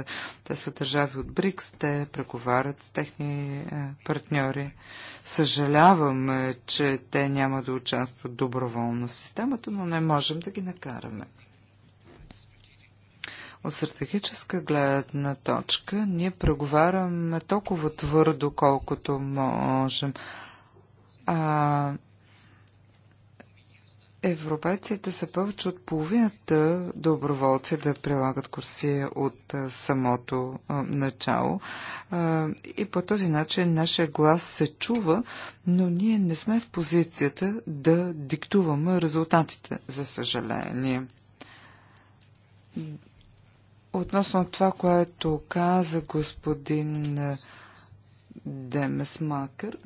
Те са държави от БРИКС, те преговарят с техни партньори. Съжаляваме, че те няма да участват доброволно в системата, но не можем да ги накараме. От стратегическа гледна точка ние преговаряме толкова твърдо, колкото можем. А, Европейците са повече от половината доброволци да прилагат курсия от самото начало. И по този начин нашия глас се чува, но ние не сме в позицията да диктуваме резултатите, за съжаление. Относно това, което каза господин Демесмакър, Макър,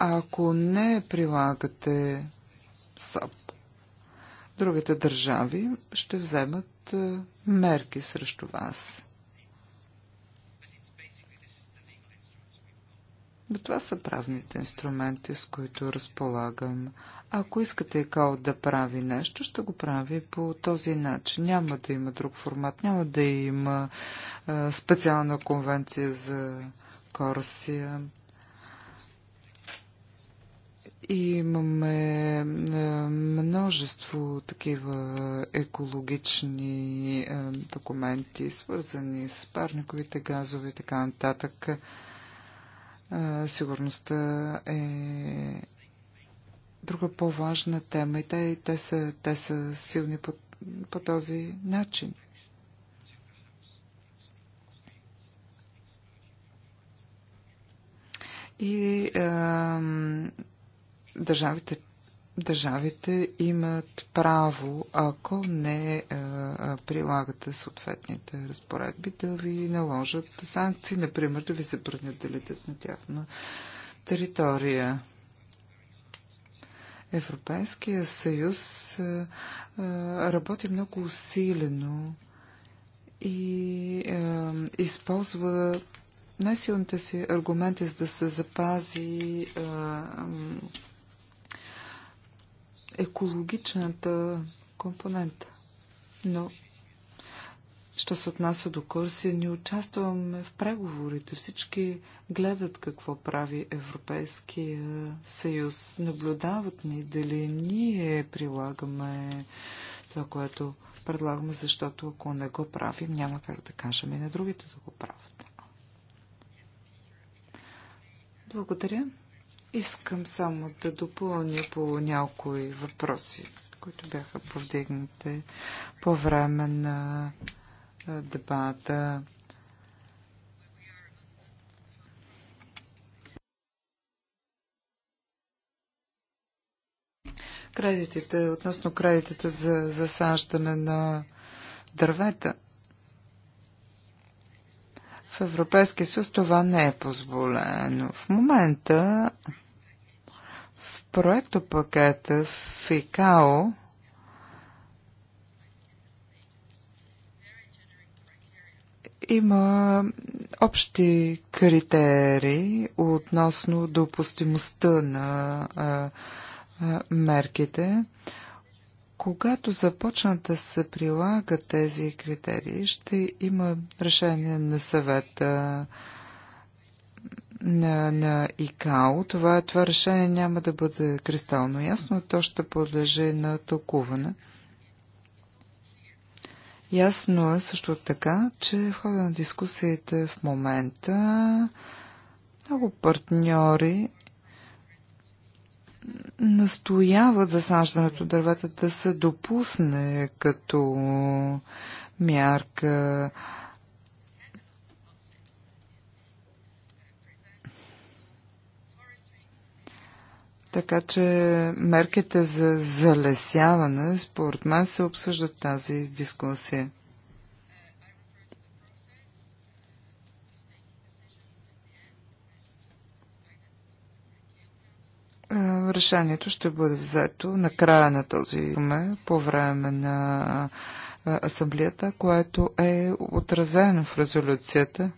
Ако не прилагате САП, другите държави ще вземат е, мерки срещу вас. Но това са правните инструменти, с които разполагам. Ако искате ИКАО да прави нещо, ще го прави по този начин. Няма да има друг формат, няма да има е, специална конвенция за Корсия имаме е, множество такива екологични е, документи, свързани с парниковите газове и така нататък. Е, сигурността е друга по-важна тема и те, те, са, те са силни по, по този начин. И а, държавите, държавите имат право, ако не а, е, е, прилагате съответните разпоредби, да ви наложат санкции, например да ви забранят да летят на тяхна територия. Европейския съюз а, е, работи много усилено и а, използва най-силните си аргументи, за да се запази а, екологичната компонента. Но, що се отнася до Кърсия, ни участваме в преговорите. Всички гледат какво прави Европейския съюз. Наблюдават ни дали ние прилагаме това, което предлагаме, защото ако не го правим, няма как да кажем и на другите да го правят. Благодаря. Искам само да допълня по някои въпроси, които бяха повдигнати по време на дебата. Кредитите, относно кредитите за засаждане на дървета – в Европейския съюз това не е позволено. В момента в пакета в ИКАО има общи критерии относно допустимостта на а, а, мерките. А, когато започнат да се прилагат тези критерии, ще има решение на съвета на, на ИКАО. Това, това решение няма да бъде кристално ясно, то ще подлежи на тълкуване. Ясно е също така, че в хода на дискусиите в момента много партньори настояват засаждането дървета да се допусне като мярка. Така че мерките за залесяване, според мен, се обсъждат тази дискусия. Решението ще бъде взето на края на този по време на асамблеята, което е отразено в резолюцията.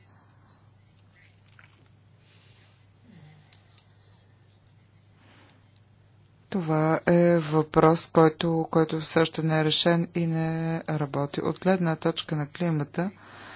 Това е въпрос, който, който все още не е решен и не работи. От гледна точка на климата,